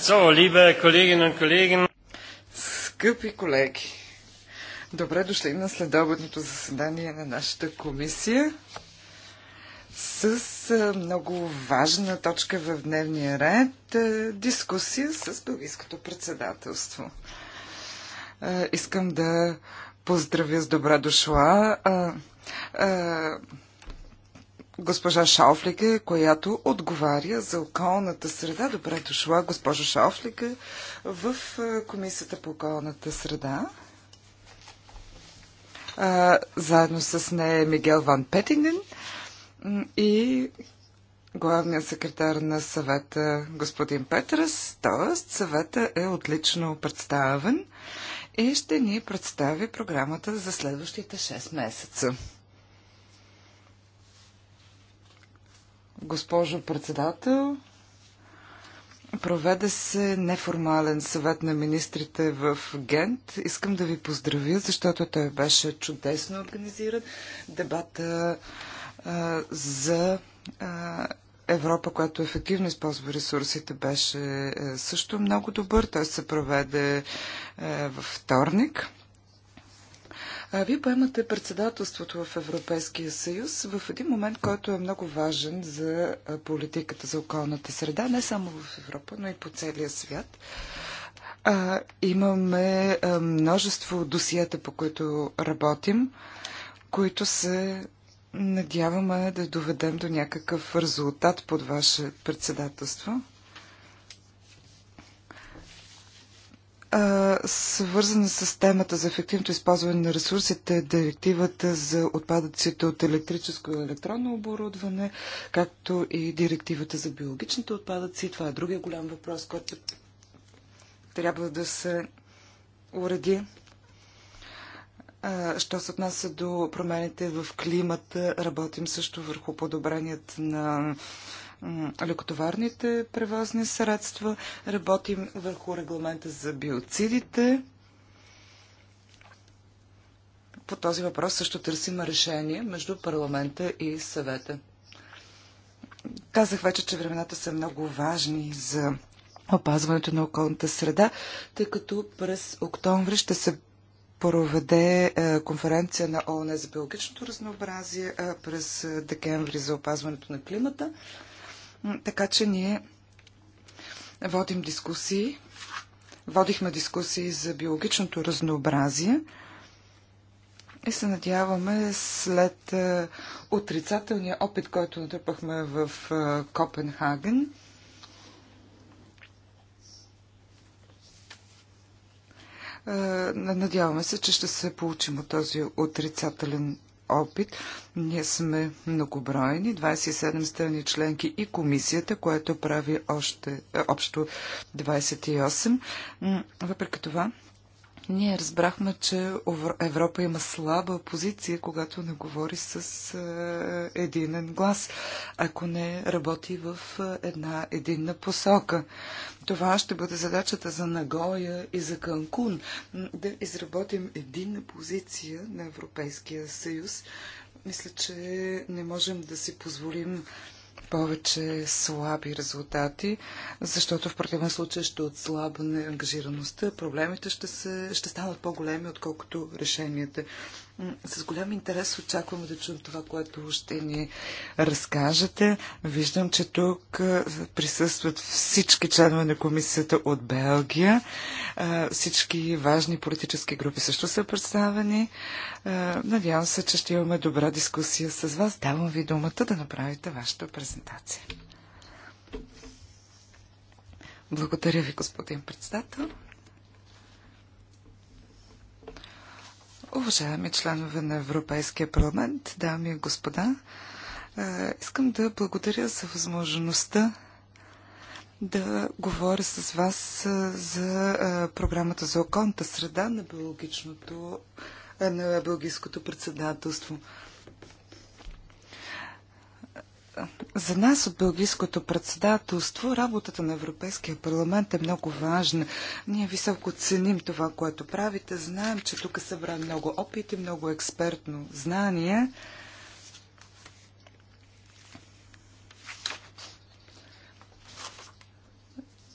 So, liebe Kolleginnen und Kollegen. Скъпи колеги, добре дошли на следобедното заседание на нашата комисия с много важна точка в дневния ред дискусия с Бългийското председателство. Искам да поздравя с добра дошла госпожа Шауфлиге, която отговаря за околната среда. Добре дошла, госпожа Шауфлиге, в Комисията по околната среда. Заедно с нея е Мигел Ван Петинген и главният секретар на съвета господин Петрас, т.е. съвета е отлично представен и ще ни представи програмата за следващите 6 месеца. Госпожо председател, проведе се неформален съвет на министрите в Гент. Искам да ви поздравя, защото той беше чудесно организиран. Дебата а, за а, Европа, която ефективно използва ресурсите, беше също много добър. Той се проведе във вторник. А вие поемате председателството в Европейския съюз в един момент, който е много важен за политиката за околната среда, не само в Европа, но и по целия свят. А, имаме а, множество досиета, по които работим, които се надяваме да доведем до някакъв резултат под ваше председателство. свързана с темата за ефективното използване на ресурсите, директивата за отпадъците от електрическо и електронно оборудване, както и директивата за биологичните отпадъци. Това е другия голям въпрос, който трябва да се уреди. Що се отнася до промените в климата, работим също върху подобрението на лекотоварните превозни средства, работим върху регламента за биоцидите. По този въпрос също търсим решение между парламента и съвета. Казах вече, че времената са много важни за опазването на околната среда, тъй като през октомври ще се проведе е, конференция на ООН за биологичното разнообразие е, през е, декември за опазването на климата. Така че ние водим дискусии. Водихме дискусии за биологичното разнообразие и се надяваме след е, отрицателния опит, който натърпахме в е, Копенхаген, е, Надяваме се, че ще се получим от този отрицателен опит. Ние сме многобройни, 27 страни членки и комисията, което прави още е, общо 28. Въпреки това, ние разбрахме, че Европа има слаба позиция, когато не говори с е, единен глас, ако не работи в е, една единна посока. Това ще бъде задачата за Нагоя и за Канкун да изработим единна позиция на Европейския съюз. Мисля, че не можем да си позволим повече слаби резултати, защото в противен случай ще отслабне ангажираността, проблемите ще, се, ще станат по-големи, отколкото решенията. С голям интерес очакваме да чуем това, което ще ни разкажете. Виждам, че тук присъстват всички членове на комисията от Белгия. Всички важни политически групи също са представени. Надявам се, че ще имаме добра дискусия с вас. Давам ви думата да направите вашата презентация. Благодаря ви, господин председател. Уважаеми членове на Европейския парламент, дами и господа, е, искам да благодаря за възможността да говоря с вас е, за е, програмата за околната среда на биологичното на белгийското председателство. За нас от Белгийското председателство работата на Европейския парламент е много важна. Ние високо ценим това, което правите. Знаем, че тук събран много опит и много експертно знание.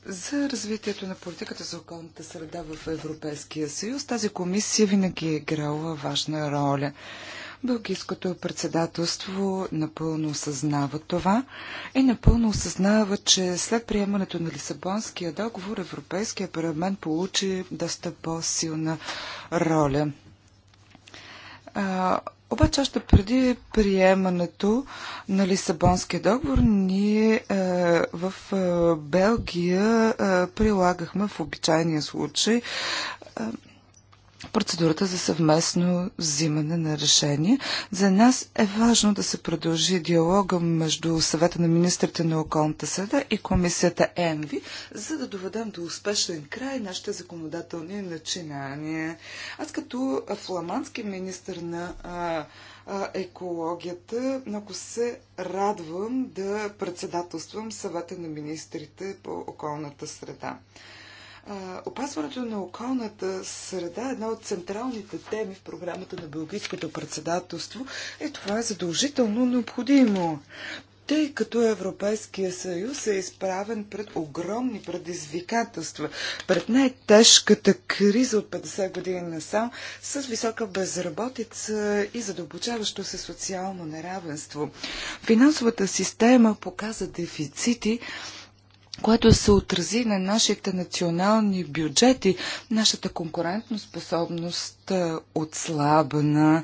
За развитието на политиката за околната среда в Европейския съюз тази комисия винаги е играла важна роля. Българското председателство напълно осъзнава това и напълно осъзнава, че след приемането на Лисабонския договор Европейския парламент получи доста по-силна роля. А, обаче още преди приемането на Лисабонския договор ние е, в е, Белгия е, прилагахме в обичайния случай е, процедурата за съвместно взимане на решение. За нас е важно да се продължи диалога между съвета на министрите на околната среда и комисията ЕНВИ, за да доведем до успешен край нашите законодателни начинания. Аз като фламандски министр на а, екологията. Много се радвам да председателствам съвета на министрите по околната среда. Опазването на околната среда е една от централните теми в програмата на Белгийското председателство и е това е задължително необходимо. Тъй като Европейския съюз е изправен пред огромни предизвикателства, пред най-тежката криза от 50 години насам, с висока безработица и задълбочаващо се социално неравенство. Финансовата система показа дефицити, което се отрази на нашите национални бюджети, нашата конкурентоспособност е, отслабна.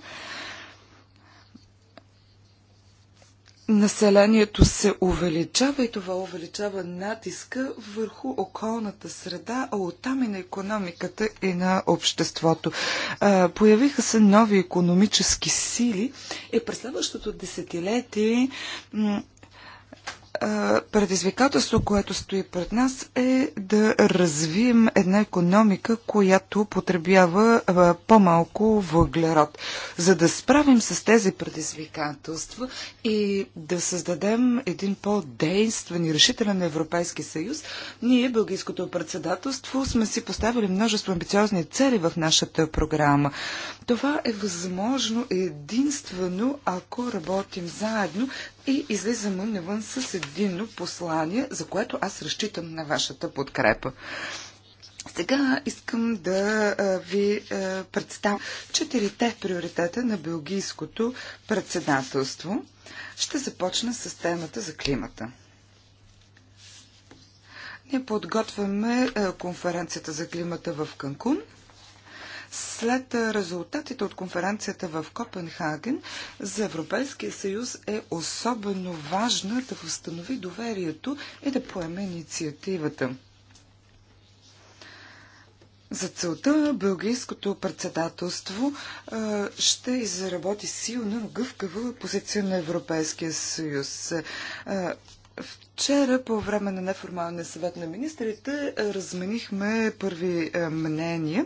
Населението се увеличава и това увеличава натиска върху околната среда, а оттам и на економиката и на обществото. Е, появиха се нови економически сили и през следващото десетилетие предизвикателство, което стои пред нас е да развием една економика, която потребява по-малко въглерод. За да справим с тези предизвикателства и да създадем един по-действен и решителен Европейски съюз, ние, Бългийското председателство, сме си поставили множество амбициозни цели в нашата програма. Това е възможно единствено, ако работим заедно, и излизаме навън с единно послание, за което аз разчитам на вашата подкрепа. Сега искам да ви представя четирите приоритета на Белгийското председателство. Ще започна с темата за климата. Ние подготвяме конференцията за климата в Канкун – след резултатите от конференцията в Копенхаген, за Европейския съюз е особено важна да възстанови доверието и да поеме инициативата. За целта Белгийското председателство ще изработи силна, гъвкава позиция на Европейския съюз. Вчера по време на неформалния съвет на министрите е, разменихме първи е, мнения.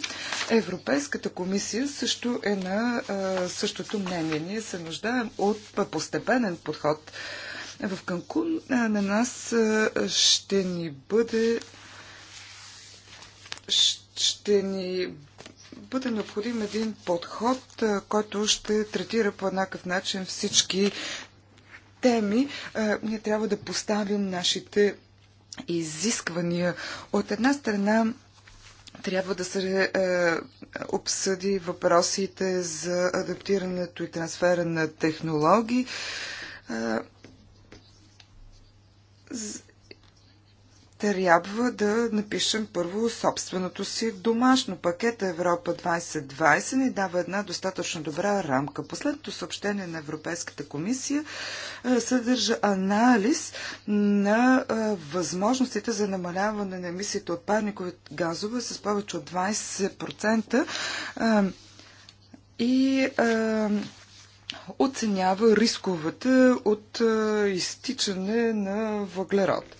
Европейската комисия също е на е, същото мнение. Ние се нуждаем от постепенен подход. В Канкун на нас ще ни бъде ще ни бъде необходим един подход, който ще третира по еднакъв начин всички теми ние трябва да поставим нашите изисквания. От една страна трябва да се е, обсъди въпросите за адаптирането и трансфера на технологии. Е, трябва да напишем първо собственото си домашно. пакет Европа 2020 ни дава една достатъчно добра рамка. Последното съобщение на Европейската комисия е, съдържа анализ на е, възможностите за намаляване на емисиите от парникови газове с повече от 20% е, и оценява рисковете от изтичане на въглерод.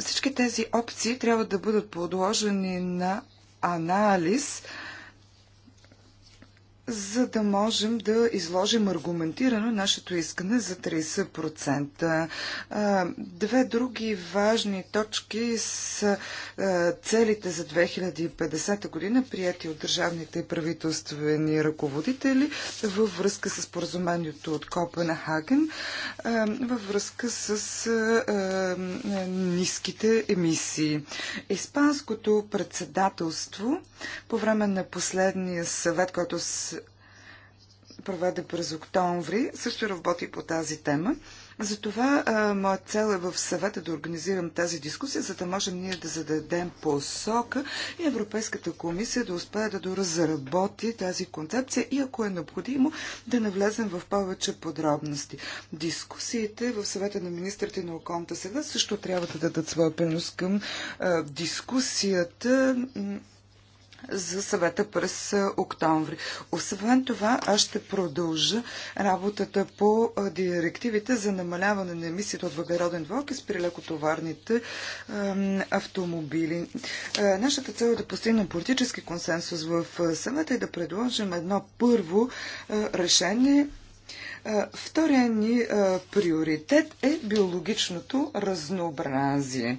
Всички тези опции трябва да бъдат подложени на анализ, за да можем да изложим аргументирано нашето искане за 30%. Две други важни точки са целите за 2050 година, прияти от държавните и правителствени ръководители във връзка с поразумението от Копенхаген, във връзка с ниските емисии. Испанското председателство по време на последния съвет, който се проведе през октомври, също работи по тази тема. Затова моя цел е в съвета да организирам тази дискусия, за да можем ние да зададем посока и Европейската комисия да успее да доразработи тази концепция и ако е необходимо да навлезем в повече подробности. Дискусиите в съвета на министрите на околната среда също трябва да дадат своя принос към а, дискусията за съвета през октомври. Освен това, аз ще продължа работата по директивите за намаляване на емисията от въглероден двуокис при лекотоварните автомобили. Нашата цел е да постигнем политически консенсус в съвета и да предложим едно първо решение Вторият ни приоритет е биологичното разнообразие.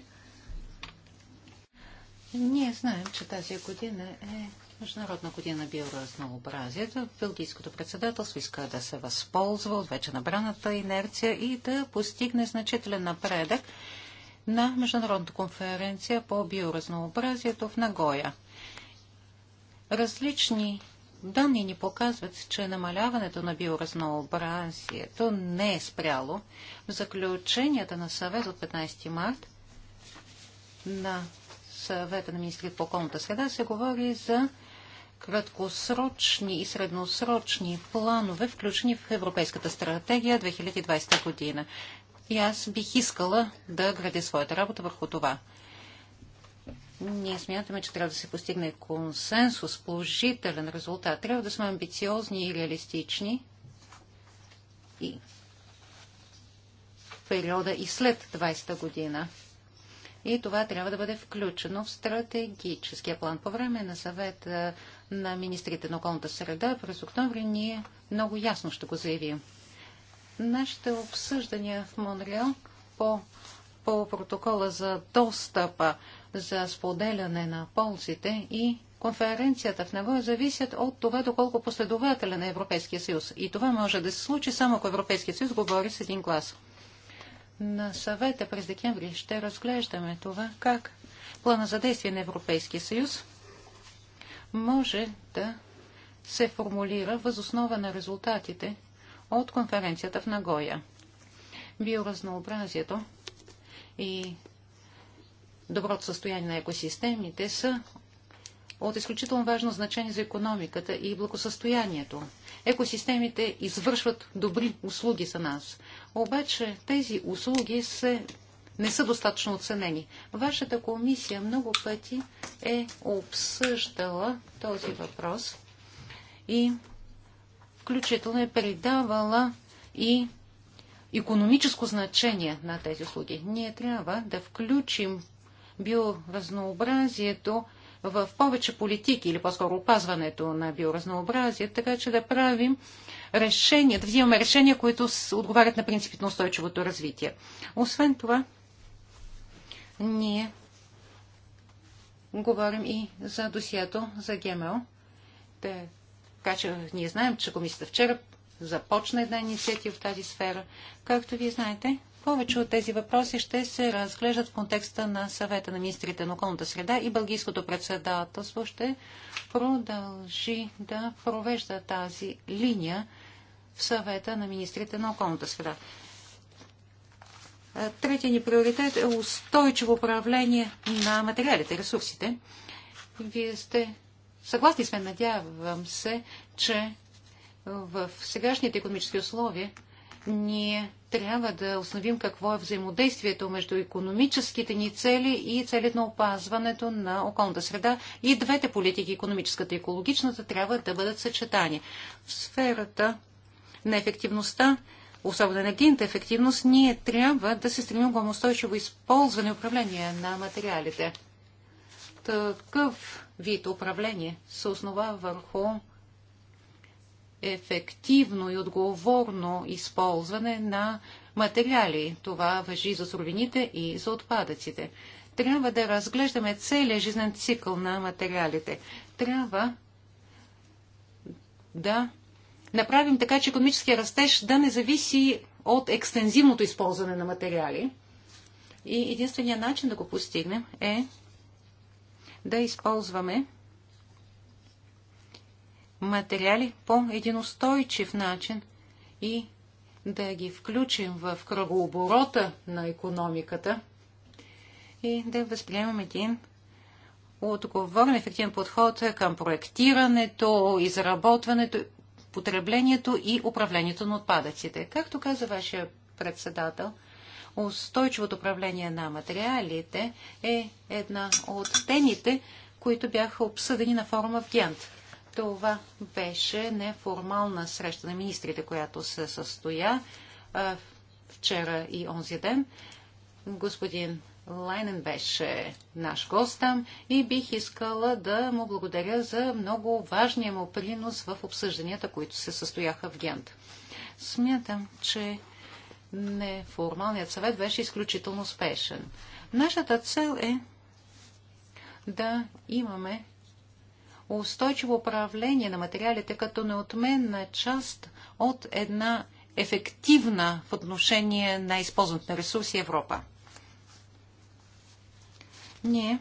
Ние знаем, че тази година е Международна година биоразнообразието. Белгийското председателство иска да се възползва от вече набраната инерция и да постигне значителен напредък на Международната конференция по биоразнообразието в Нагоя. Различни данни ни показват, че намаляването на биоразнообразието не е спряло. В заключенията на съвет от 15 март на съвета на министри по околната среда се говори за краткосрочни и средносрочни планове, включени в Европейската стратегия 2020 година. И аз бих искала да градя своята работа върху това. Ние смятаме, че трябва да се постигне консенсус, положителен резултат. Трябва да сме амбициозни и реалистични и в периода и след 20-та година и това трябва да бъде включено в стратегическия план. По време на съвет на министрите на околната среда през октомври ние много ясно ще го заявим. Нашите обсъждания в Монреал по, по протокола за достъпа за споделяне на ползите и конференцията в Нагоя зависят от това доколко последователен е Европейския съюз. И това може да се случи само ако Европейския съюз говори с един глас на съвета през декември ще разглеждаме това как плана за действие на Европейския съюз може да се формулира възоснова на резултатите от конференцията в Нагоя. Биоразнообразието и доброто състояние на екосистемите са от изключително важно значение за економиката и благосъстоянието. Екосистемите извършват добри услуги за нас. Обаче тези услуги се не са достатъчно оценени. Вашата комисия много пъти е обсъждала този въпрос и включително е придавала и економическо значение на тези услуги. Ние трябва да включим биоразнообразието в повече политики или по-скоро опазването на биоразнообразие, така че да правим решения, да взимаме решения, които отговарят на принципите на устойчивото развитие. Освен това, ние говорим и за досието за ГМО. Те, така че ние знаем, че комисията вчера започна една инициатива в тази сфера. Както вие знаете, повече от тези въпроси ще се разглеждат в контекста на съвета на министрите на околната среда и Бългийското председателство ще продължи да провежда тази линия в съвета на министрите на околната среда. Е, третия ни приоритет е устойчиво управление на материалите, ресурсите. Вие сте съгласни сме, надявам се, че в сегашните економически условия ние трябва да установим какво е взаимодействието между економическите ни цели и целите на опазването на околната среда. И двете политики, економическата и екологичната, трябва да бъдат съчетани. В сферата на ефективността, особено енергийната ефективност, ние трябва да се стремим към устойчиво използване и управление на материалите. Такъв вид управление се основа върху ефективно и отговорно използване на материали. Това въжи за суровините и за отпадъците. Трябва да разглеждаме целият жизнен цикъл на материалите. Трябва да направим така, че економическия растеж да не зависи от екстензивното използване на материали. И единственият начин да го постигнем е да използваме материали по един устойчив начин и да ги включим в кръгооборота на економиката и да възприемем един отговорен ефективен подход към проектирането, изработването, потреблението и управлението на отпадъците. Както каза вашия председател, устойчивото управление на материалите е една от темите, които бяха обсъдени на форума в Гент. Това беше неформална среща на министрите, която се състоя вчера и онзи ден. Господин Лайнен беше наш гост там и бих искала да му благодаря за много важния му принос в обсъжданията, които се състояха в Гент. Смятам, че неформалният съвет беше изключително успешен. Нашата цел е да имаме устойчиво управление на материалите като неотменна част от една ефективна в отношение на използването на ресурси Европа. Ние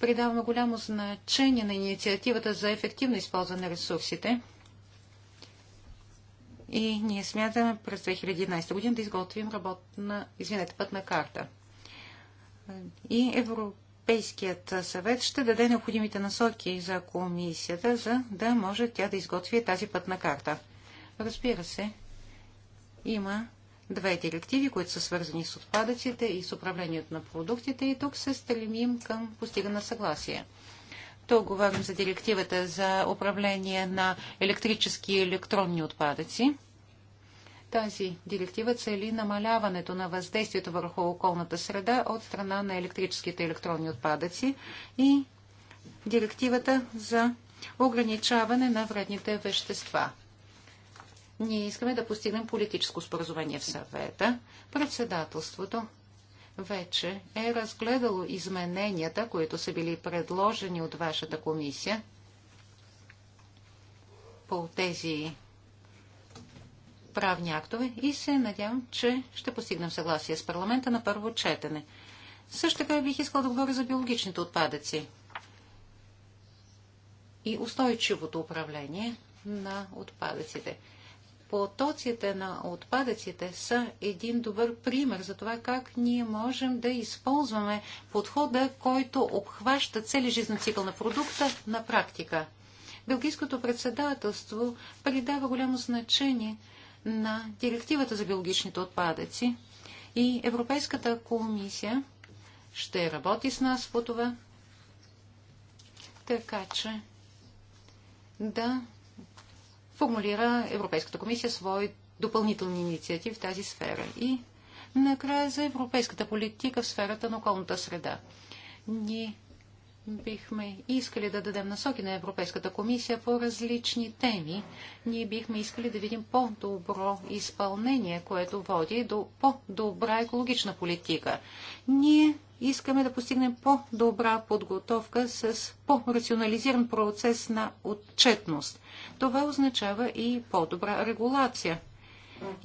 придаваме голямо значение на инициативата за ефективно използване на ресурсите и ние смятаме през 2011 година да изготвим работна, извинете, пътна карта. И Европа Европейският съвет ще даде необходимите насоки за комисията, за да може тя да изготви тази пътна карта. Разбира се, има две директиви, които са свързани с отпадъците и с управлението на продуктите и тук се стремим към постигане съгласие. Тук говорим за директивата за управление на електрически и електронни отпадъци. Тази директива цели намаляването на въздействието върху околната среда от страна на електрическите електронни отпадъци и директивата за ограничаване на вредните вещества. Ние искаме да постигнем политическо споразумение в съвета. Председателството вече е разгледало измененията, които са били предложени от вашата комисия по тези правни актове и се надявам, че ще постигнем съгласие с парламента на първо четене. Също така бих искал да говоря за биологичните отпадъци и устойчивото управление на отпадъците. Потоците на отпадъците са един добър пример за това как ние можем да използваме подхода, който обхваща цели жизнен цикъл на продукта на практика. Белгийското председателство придава голямо значение на директивата за биологичните отпадъци и Европейската комисия ще работи с нас по това, така че да формулира Европейската комисия свои допълнителни инициативи в тази сфера. И накрая за европейската политика в сферата на околната среда. Ние бихме искали да дадем насоки на Европейската комисия по различни теми. Ние бихме искали да видим по-добро изпълнение, което води до по-добра екологична политика. Ние искаме да постигнем по-добра подготовка с по-рационализиран процес на отчетност. Това означава и по-добра регулация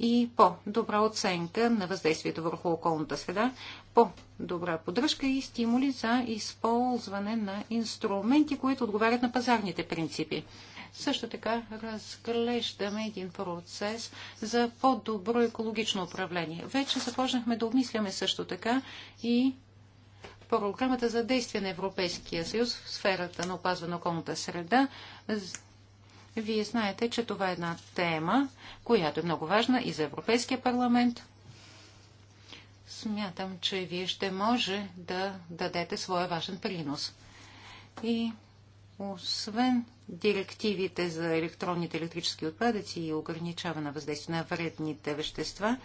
и по-добра оценка на въздействието върху околната среда, по-добра поддръжка и стимули за използване на инструменти, които отговарят на пазарните принципи. Също така разглеждаме един процес за по-добро екологично управление. Вече започнахме да обмисляме също така и програмата за действие на Европейския съюз в сферата на опазване на околната среда. Вие знаете, че това е една тема, която е много важна и за Европейския парламент, смятам, че вие ще може да дадете своя важен принос. И освен директивите за електронните електрически отпадъци и ограничаване на въздействие на вредните вещества,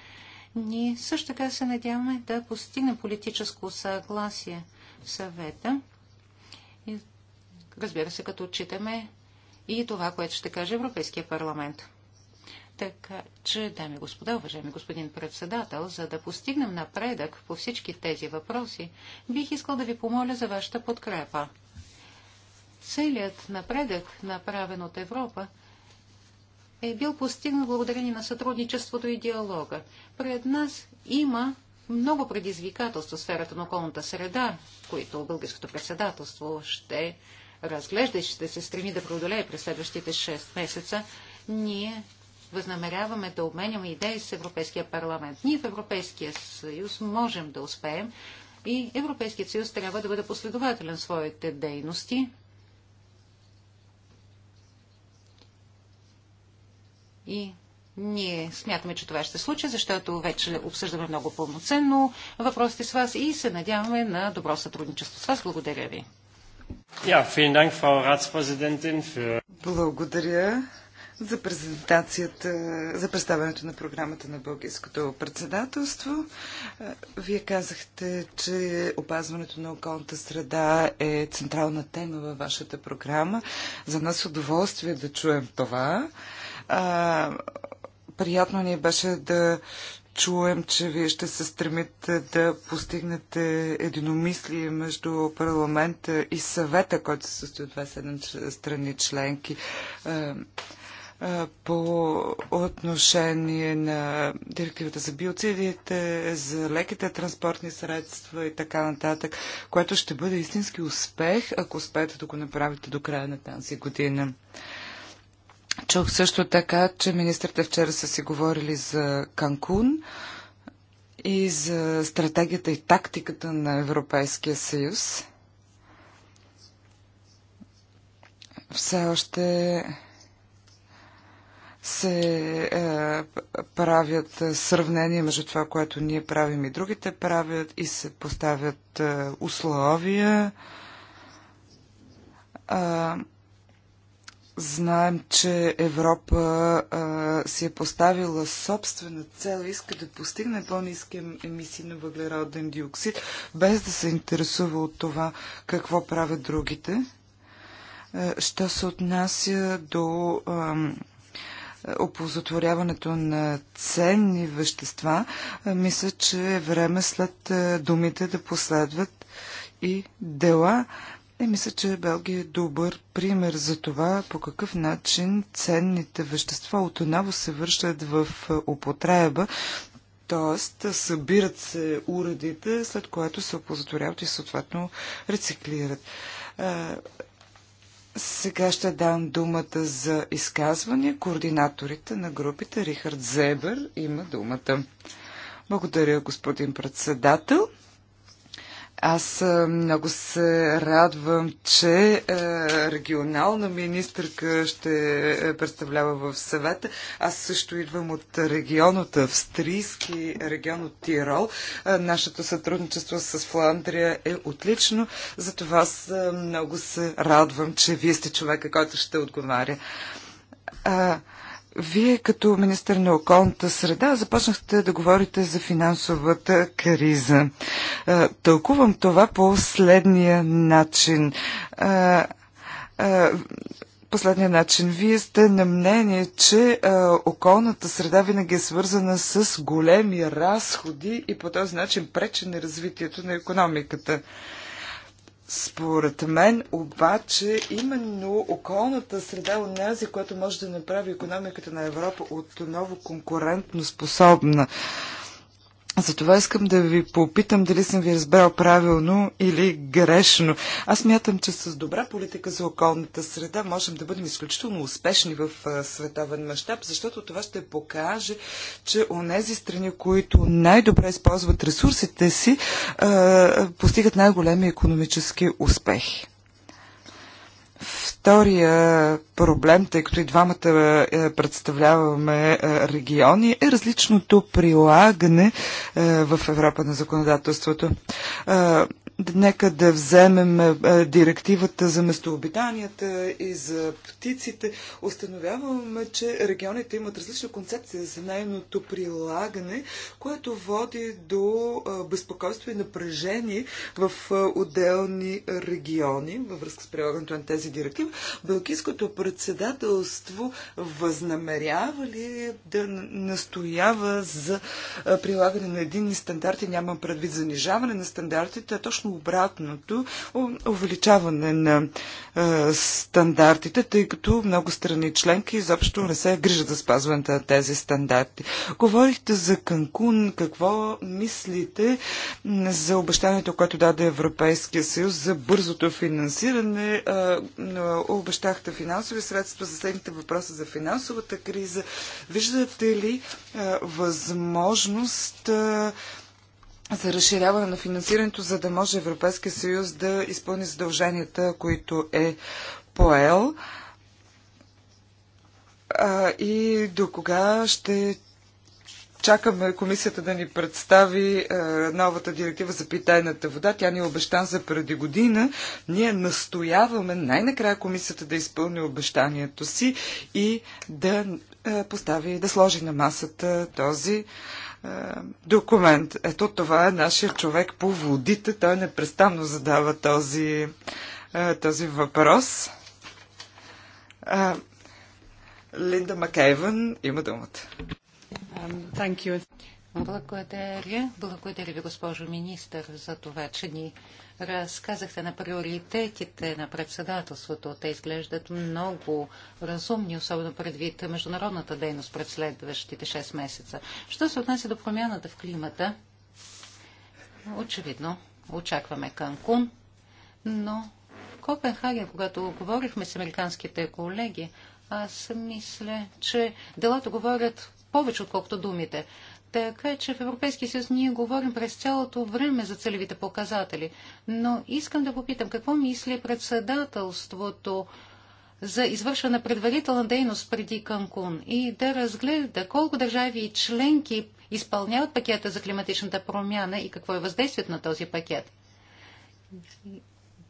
ние също така се надяваме да постигнем политическо съгласие в съвета. И, разбира се, като отчитаме и това, което ще каже Европейския парламент. Така че, дами и господа, уважаеми господин председател, за да постигнем напредък по всички тези въпроси, бих искал да ви помоля за вашата подкрепа. Целият напредък, направен от Европа, е бил постигнат благодарение на сътрудничеството и диалога. Пред нас има много предизвикателства в сферата на околната среда, които българското председателство ще разглежда и ще се стреми да преодолее през следващите 6 месеца. Ние възнамеряваме да обменяме идеи с Европейския парламент. Ние в Европейския съюз можем да успеем и Европейският съюз трябва да бъде последователен в своите дейности. И ние смятаме, че това ще се случи, защото вече обсъждаме много пълноценно въпросите с вас и се надяваме на добро сътрудничество с вас. Благодаря ви. Dank, für... Благодаря, за презентацията, за представянето на програмата на Българското председателство. Е, вие казахте, че опазването на околната среда е централна тема във вашата програма. За нас е удоволствие да чуем това. приятно ни беше да чуем, че вие ще се стремите да постигнете единомислие между парламента и съвета, който се състои от 27 страни членки. Е, по отношение на директивата за биоцидите, за леките транспортни средства и така нататък, което ще бъде истински успех, ако успеете да го направите до края на тази година. Чух също така, че министрите вчера са си говорили за Канкун и за стратегията и тактиката на Европейския съюз. Все още се е, правят е, сравнения между това, което ние правим и другите правят и се поставят е, условия. Е, знаем, че Европа а, е, си е поставила собствена цел, иска да постигне по-низки емисии на въглероден диоксид, без да се интересува от това какво правят другите. А, е, що се отнася до оползотворяването на ценни вещества, мисля, че е време след думите да последват и дела. И е, мисля, че Белгия е добър пример за това по какъв начин ценните вещества отново се връщат в употреба, т.е. събират се уредите, след което се оползотворяват и съответно рециклират. Сега ще дам думата за изказване. Координаторите на групите Рихард Зебер има думата. Благодаря, господин председател. Аз много се радвам, че регионална министърка ще представлява в съвета. Аз също идвам от регион от Австрийски, регион от Тирол. Нашето сътрудничество с Фландрия е отлично, затова аз много се радвам, че вие сте човека, който ще отговаря. Вие като министър на околната среда започнахте да говорите за финансовата криза. Тълкувам това по следния начин. Последния начин. Вие сте на мнение, че а, околната среда винаги е свързана с големи разходи и по този начин пречи на развитието на економиката. Според мен обаче именно околната среда от нези, която може да направи економиката на Европа отново конкурентно способна. Затова искам да ви попитам дали съм ви разбрал правилно или грешно. Аз мятам, че с добра политика за околната среда можем да бъдем изключително успешни в световен мащаб, защото това ще покаже, че у нези страни, които най-добре използват ресурсите си, постигат най-големи економически успехи. Втория проблем, тъй като и двамата е, представляваме е, региони, е различното прилагане е, в Европа на законодателството. Нека да вземем е, е, директивата за местообитанията и за птиците. Установяваме, че регионите имат различна концепция за нейното прилагане, което води до е, безпокойство и напрежение в отделни региони във връзка с прилагането на тези директиви. Белгийското председателство възнамерява ли да настоява за прилагане на единни стандарти? Нямам предвид занижаване на стандартите, а точно обратното увеличаване на е, стандартите, тъй като много страни членки изобщо не се е грижат за спазването на тези стандарти. Говорихте за Канкун. Какво мислите за обещанието, което даде Европейския съюз за бързото финансиране? Е, обещахте финансови средства, за следните въпроса за финансовата криза. Виждате ли е, възможност е, за разширяване на финансирането, за да може Европейския съюз да изпълни задълженията, които е поел. А, и до кога ще чакаме комисията да ни представи а, новата директива за питайната вода. Тя ни е обещан за преди година. Ние настояваме най-накрая комисията да изпълни обещанието си и да а, постави, да сложи на масата този е, документ. Ето това е нашия човек по водите. Той непрестанно задава този, е, този въпрос. Е, Линда Макейвън има думата. Um, благодаря. Благодаря ви, госпожо министър, за това, че ни разказахте на приоритетите на председателството. Те изглеждат много разумни, особено предвид международната дейност пред следващите 6 месеца. Що се отнася до промяната в климата? Очевидно, очакваме Канкун, но в Копенхаген, когато говорихме с американските колеги, аз мисля, че делата говорят повече, отколкото думите. Така е, че в Европейския съюз ние говорим през цялото време за целевите показатели. Но искам да попитам, какво мисли председателството за извършване на предварителна дейност преди Канкун и да разгледа колко държави и членки изпълняват пакета за климатичната промяна и какво е въздействието на този пакет.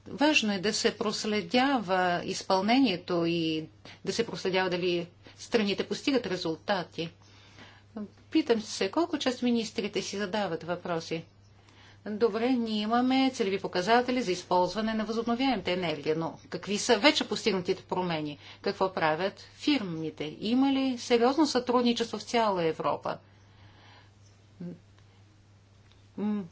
Важно е да се проследява изпълнението и да се проследява дали страните постигат резултати. Питам се, колко често министрите си задават въпроси? Добре, ние имаме целеви показатели за използване на възобновяемата енергия, но какви са вече постигнатите промени? Какво правят фирмите? Има ли сериозно сътрудничество в цяла Европа?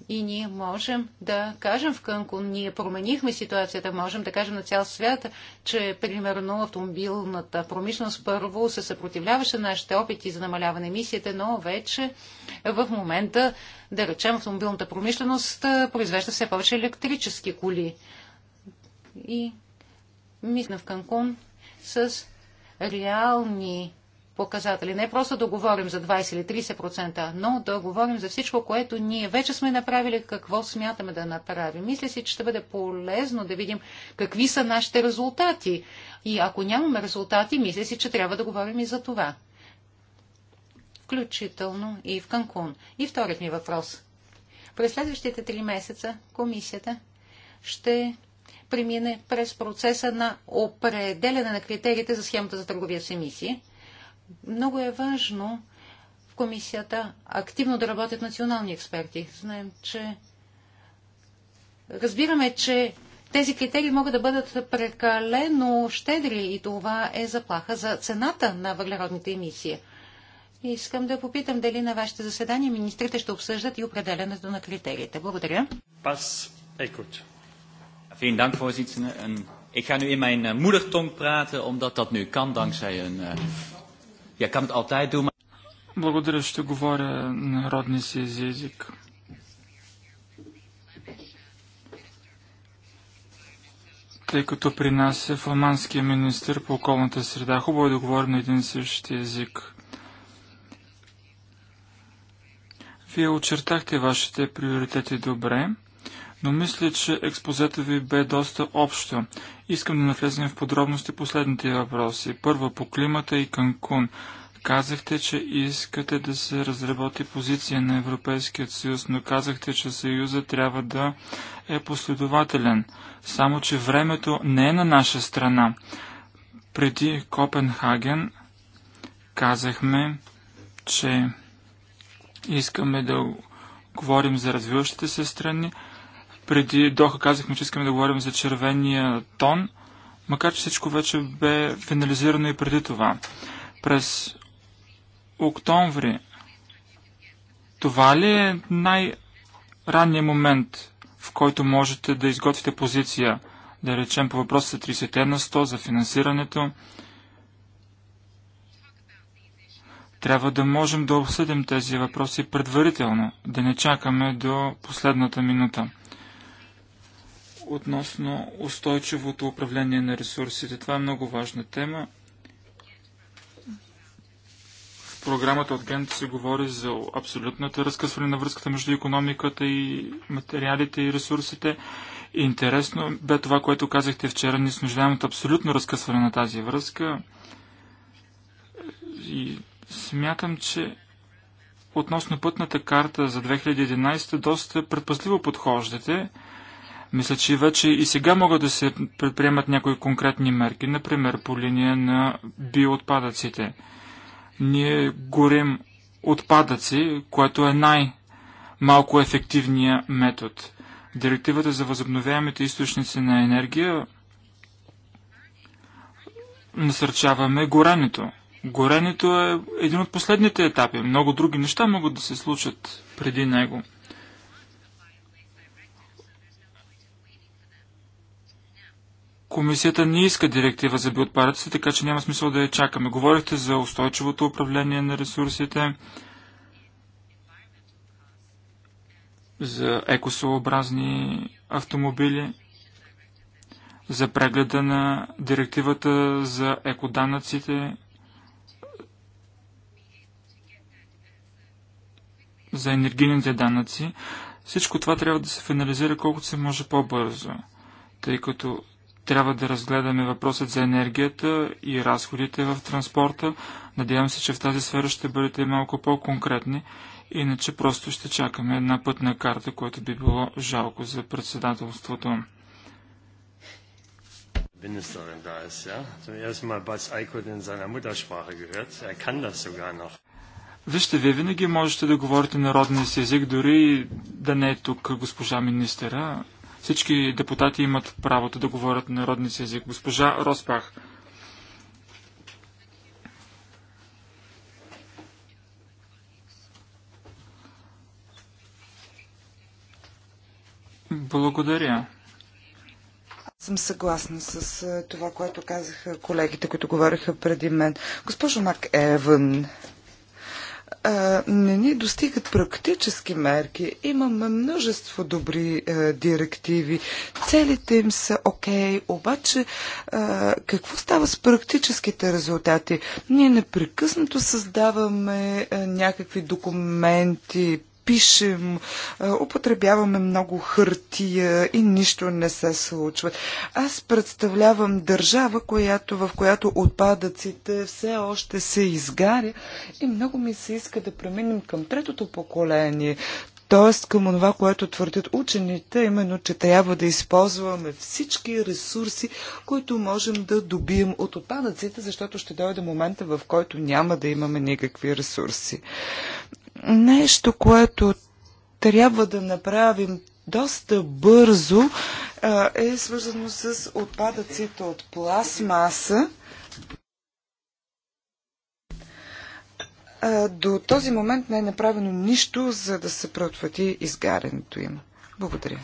и ние можем да кажем в Канкун, ние променихме ситуацията, можем да кажем на цял свят, че примерно автомобилната промишленост първо се съпротивляваше на нашите опити за намаляване емисиите, но вече в момента, да речем, автомобилната промишленост произвежда все повече електрически коли. И мисля в Канкун с реални показатели. Не просто да говорим за 20 или 30%, но да говорим за всичко, което ние вече сме направили, какво смятаме да направим. Мисля си, че ще бъде полезно да видим какви са нашите резултати. И ако нямаме резултати, мисля си, че трябва да говорим и за това. Включително и в Канкун. И вторият ми въпрос. През следващите три месеца комисията ще премине през процеса на определяне на критериите за схемата за търговия с емисии. Много е важно в комисията активно да работят национални експерти. Знаем, че разбираме, че тези критерии могат да бъдат прекалено щедри и това е заплаха за цената на въглеродните емисии. Искам да попитам дали на вашите заседания министрите ще обсъждат и определенето на критериите. Благодаря. Пас Екот. Vielen Dank, voorzitter. Ähm, Ik ga nu in mijn moedertong praten, omdat dat nu kan dankzij een äh, я Благодаря, ще говоря народния си език. Тъй като при нас е фламандския министр по околната среда, хубаво е да говорим на един и същи език. Вие очертахте вашите приоритети добре но мисля, че експозето ви бе доста общо. Искам да навлезем в подробности последните въпроси. Първо по климата и Канкун. Казахте, че искате да се разработи позиция на Европейския съюз, но казахте, че съюза трябва да е последователен. Само, че времето не е на наша страна. Преди Копенхаген казахме, че искаме да говорим за развиващите се страни, преди Доха казахме, че искаме да говорим за червения тон, макар че всичко вече бе финализирано и преди това. През октомври това ли е най-ранният момент, в който можете да изготвите позиция, да речем по въпроса 31 на 100 за финансирането? Трябва да можем да обсъдим тези въпроси предварително, да не чакаме до последната минута относно устойчивото управление на ресурсите. Това е много важна тема. В програмата от Гент се говори за абсолютната разкъсване на връзката между економиката и материалите и ресурсите. Интересно бе това, което казахте вчера. Ние се нуждаем от абсолютно разкъсване на тази връзка. И смятам, че относно пътната карта за 2011 доста предпазливо подхождате мисля, че вече и сега могат да се предприемат някои конкретни мерки, например по линия на биоотпадъците. Ние горим отпадъци, което е най-малко ефективния метод. Директивата за възобновяемите източници на енергия насърчаваме горенето. Горенето е един от последните етапи. Много други неща могат да се случат преди него. Комисията не иска директива за биотпаръците, така че няма смисъл да я чакаме. Говорихте за устойчивото управление на ресурсите, за екосообразни автомобили, за прегледа на директивата за екоданъците, за енергийните данъци. Всичко това трябва да се финализира колкото се може по-бързо, тъй като трябва да разгледаме въпросът за енергията и разходите в транспорта. Надявам се, че в тази сфера ще бъдете малко по-конкретни, иначе просто ще чакаме една пътна карта, което би било жалко за председателството. Er Вижте, вие винаги можете да говорите народния си език, дори да не е тук госпожа министера. Всички депутати имат правото да говорят на народния си език. Госпожа Роспах. Благодаря. Аз съм съгласна с това, което казаха колегите, които говориха преди мен. Госпожо Мак Еван, а, не ни достигат практически мерки. Имаме множество добри а, директиви. Целите им са окей, okay, обаче а, какво става с практическите резултати? Ние непрекъснато създаваме а, някакви документи, пишем, употребяваме много хартия и нищо не се случва. Аз представлявам държава, която, в която отпадъците все още се изгаря и много ми се иска да преминем към третото поколение. Т.е. към това, което твърдят учените, именно, че трябва да използваме всички ресурси, които можем да добием от отпадъците, защото ще дойде момента, в който няма да имаме никакви ресурси. Нещо, което трябва да направим доста бързо, е свързано с отпадъците от пластмаса. До този момент не е направено нищо, за да се предотврати изгарянето им. Благодаря.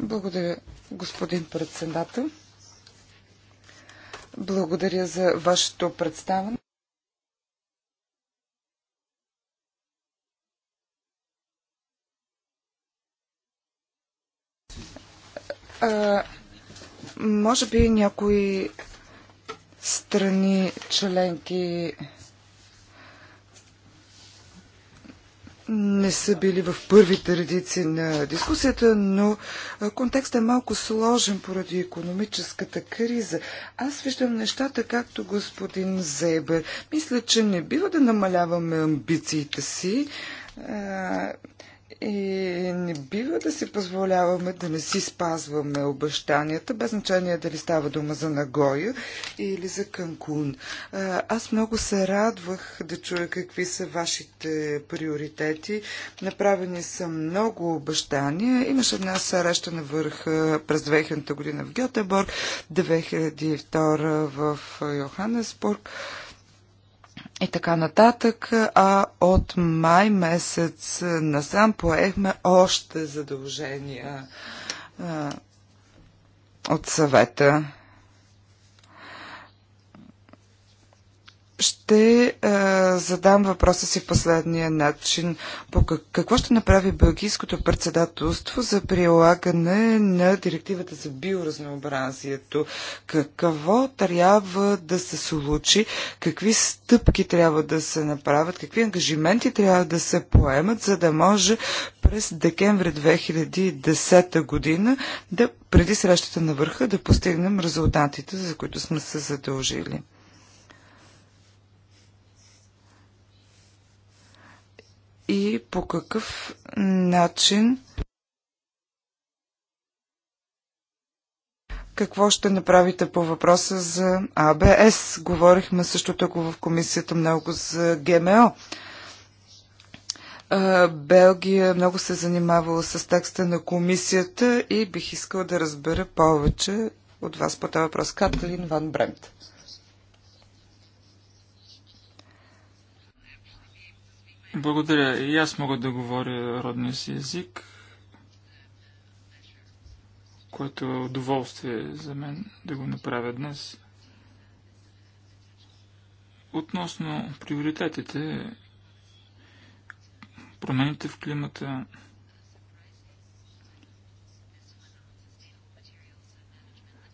Благодаря, господин председател. Благодаря за вашето представане. може би някои страни членки не са били в първите редици на дискусията, но контекстът е малко сложен поради економическата криза. Аз виждам нещата както господин Зейбер. Мисля, че не бива да намаляваме амбициите си. И не бива да си позволяваме да не си спазваме обещанията, без значение дали става дума за Нагоя или за Канкун. Аз много се радвах да чуя какви са вашите приоритети. Направени са много обещания. Имаше една среща на върха през 2000 година в Гьотеборг, 2002 в Йоханесбург и така нататък, а от май месец насам поехме още задължения от съвета. Ще е, задам въпроса си последния начин. По какво ще направи Белгийското председателство за прилагане на директивата за биоразнообразието? Какво трябва да се случи? Какви стъпки трябва да се направят? Какви ангажименти трябва да се поемат, за да може през декември 2010 година да преди срещата на върха да постигнем резултатите, за които сме се задължили? и по какъв начин какво ще направите по въпроса за АБС? Говорихме също тук в комисията много за ГМО. Белгия много се занимавала с текста на комисията и бих искала да разбера повече от вас по този въпрос. Катлин Ван Бремт. Благодаря. И аз мога да говоря родния си език, което е удоволствие за мен да го направя днес. Относно приоритетите, промените в климата,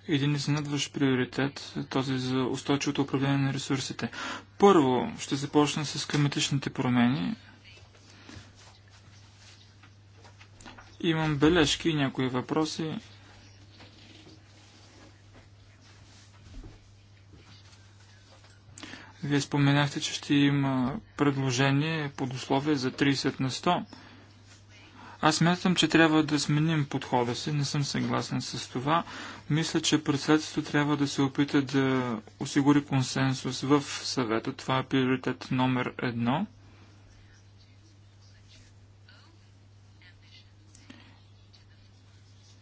един изненадващ приоритет, е този за устойчивото управление на ресурсите. Първо ще започна с климатичните промени. Имам бележки и някои въпроси. Вие споменахте, че ще има предложение под условие за 30 на 100. Аз мятам, че трябва да сменим подхода си. Не съм съгласен с това. Мисля, че председателството трябва да се опита да осигури консенсус в съвета. Това е приоритет номер едно.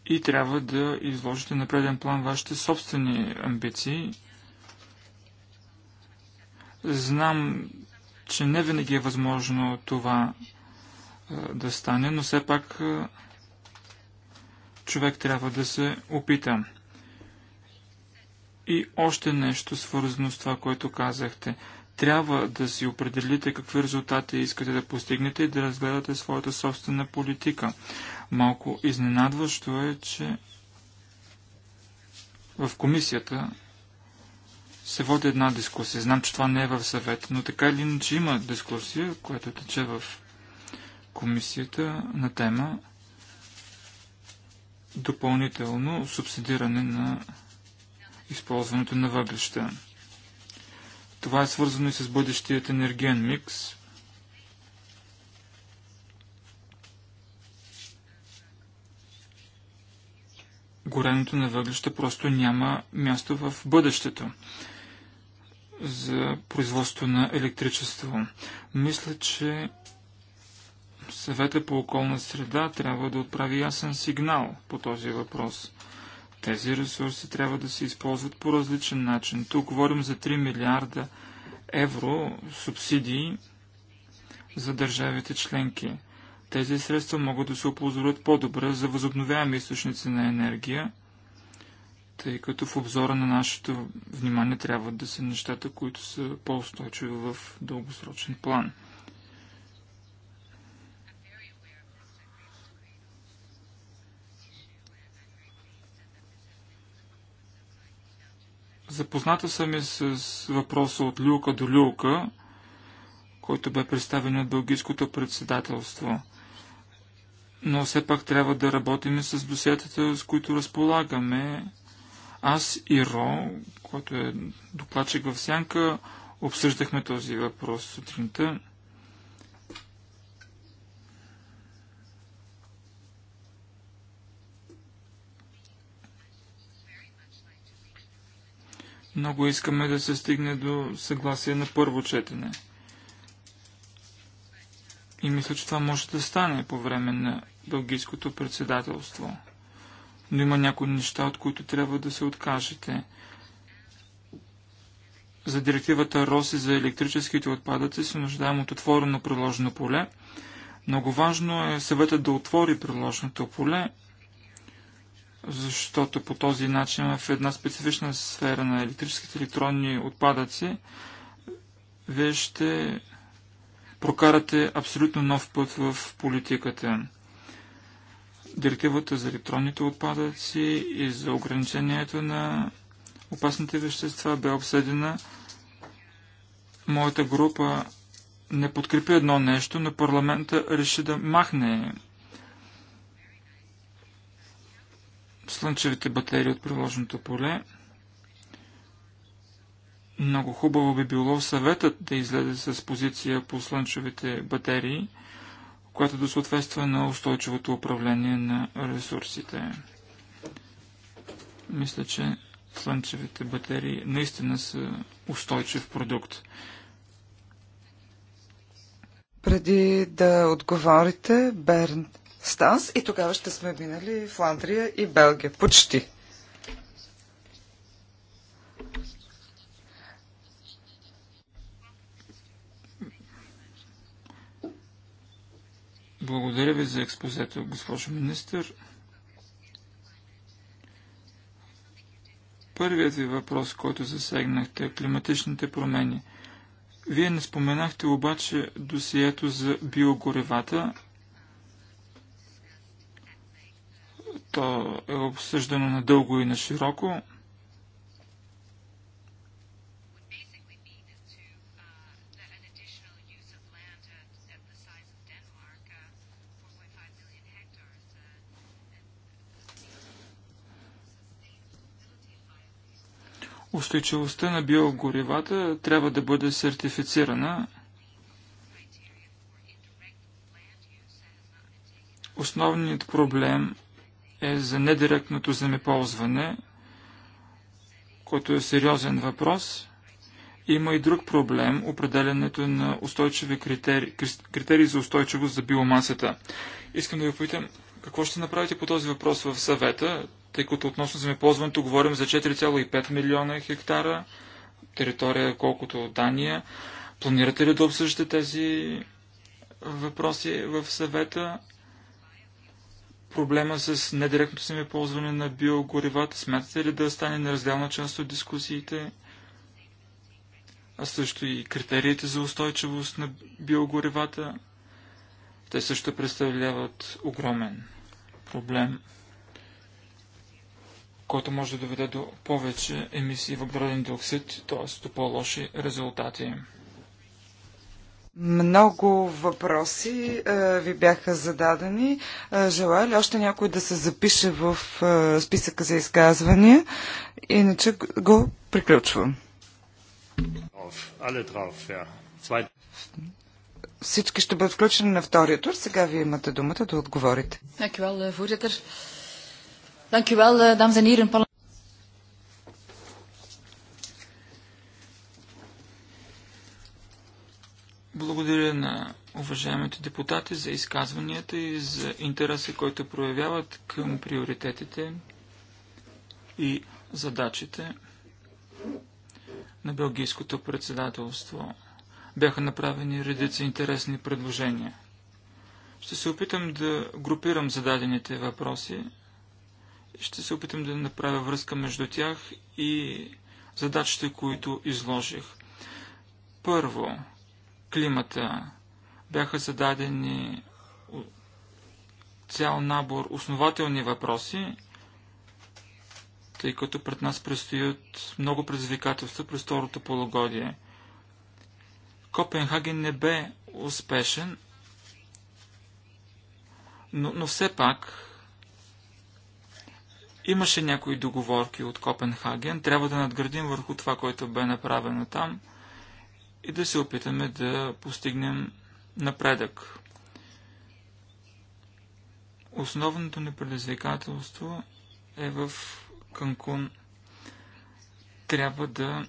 И трябва да изложите на преден план вашите собствени амбиции. Знам, че не винаги е възможно това да стане, но все пак човек трябва да се опита. И още нещо свързано с това, което казахте. Трябва да си определите какви резултати искате да постигнете и да разгледате своята собствена политика. Малко изненадващо е, че в комисията се води една дискусия. Знам, че това не е в съвет, но така или иначе има дискусия, която тече в комисията на тема допълнително субсидиране на използването на въглища. Това е свързано и с бъдещият енергиен микс. Горенето на въглища просто няма място в бъдещето за производство на електричество. Мисля, че Съвета по околна среда трябва да отправи ясен сигнал по този въпрос. Тези ресурси трябва да се използват по различен начин. Тук говорим за 3 милиарда евро субсидии за държавите членки. Тези средства могат да се оползорят по-добре за възобновяеми източници на енергия, тъй като в обзора на нашето внимание трябва да са нещата, които са по-устойчиви в дългосрочен план. Запозната съм и с въпроса от люлка до люлка, който бе представен от Бългийското председателство. Но все пак трябва да работим с досетата, с които разполагаме. Аз и Ро, който е докладчик в сянка, обсъждахме този въпрос сутринта. Много искаме да се стигне до съгласие на първо четене. И мисля, че това може да стане по време на бългийското председателство. Но има някои неща, от които трябва да се откажете. За директивата РОСИ за електрическите отпадъци се нуждаем от отворено приложено поле. Много важно е съветът да отвори приложното поле защото по този начин в една специфична сфера на електрическите електронни отпадъци вие ще прокарате абсолютно нов път в политиката. Директивата за електронните отпадъци и за ограничението на опасните вещества бе обсъдена. Моята група не подкрепи едно нещо, но парламента реши да махне слънчевите батерии от приложното поле. Много хубаво би било съветът да излезе с позиция по слънчевите батерии, която да съответства на устойчивото управление на ресурсите. Мисля, че слънчевите батерии наистина са устойчив продукт. Преди да отговорите, Бернт, Станс и тогава ще сме минали Фландрия и Белгия. Почти. Благодаря ви за експозето, госпожо министър. Първият ви въпрос, който засегнахте, климатичните промени. Вие не споменахте обаче досието за биогоревата То е обсъждано на дълго и на широко. Устойчивостта на биогоривата трябва да бъде сертифицирана. Основният проблем е за недиректното земеползване, който е сериозен въпрос. Има и друг проблем – определенето на устойчиви критерии, критерии за устойчивост за биомасата. Искам да ви попитам, какво ще направите по този въпрос в съвета, тъй като относно земеползването говорим за 4,5 милиона хектара, територия колкото Дания. Планирате ли да обсъждате тези въпроси в съвета? проблема с недиректното ползване на биогоривата? Смятате ли да стане неразделна част от дискусиите? А също и критериите за устойчивост на биогоривата. Те също представляват огромен проблем, който може да доведе до повече емисии въглероден диоксид, т.е. до по-лоши резултати. Много въпроси е, ви бяха зададени. Е, желая ли още някой да се запише в е, списъка за изказвания? Иначе го приключвам. Всички ще бъдат включени на втория тур. Сега ви имате думата да отговорите. Dank u wel, eh, voorzitter. Dank u eh, dames en heren. Благодаря на уважаемите депутати за изказванията и за интереса, който проявяват към приоритетите и задачите на Белгийското председателство. Бяха направени редица интересни предложения. Ще се опитам да групирам зададените въпроси. Ще се опитам да направя връзка между тях и задачите, които изложих. Първо, климата. Бяха зададени цял набор основателни въпроси, тъй като пред нас предстоят много предизвикателства през второто полугодие. Копенхаген не бе успешен, но, но все пак имаше някои договорки от Копенхаген. Трябва да надградим върху това, което бе направено там – и да се опитаме да постигнем напредък. Основното ни предизвикателство е в Канкун. Трябва да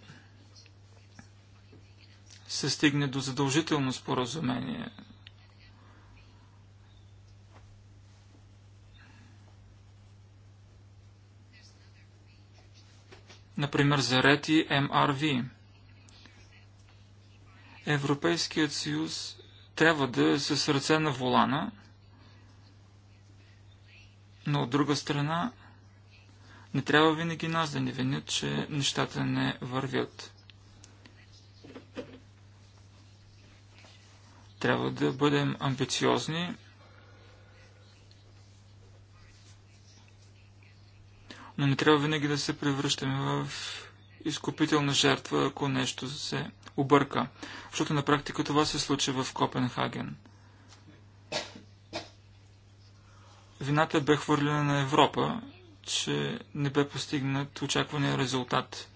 се стигне до задължително споразумение. Например, за ред MRV. Европейският съюз трябва да е с ръце на волана, но от друга страна не трябва винаги нас да ни винят, че нещата не вървят. Трябва да бъдем амбициозни, но не трябва винаги да се превръщаме в изкупителна жертва, ако нещо се обърка, защото на практика това се случи в Копенхаген. Вината бе хвърлена на Европа, че не бе постигнат очаквания резултат.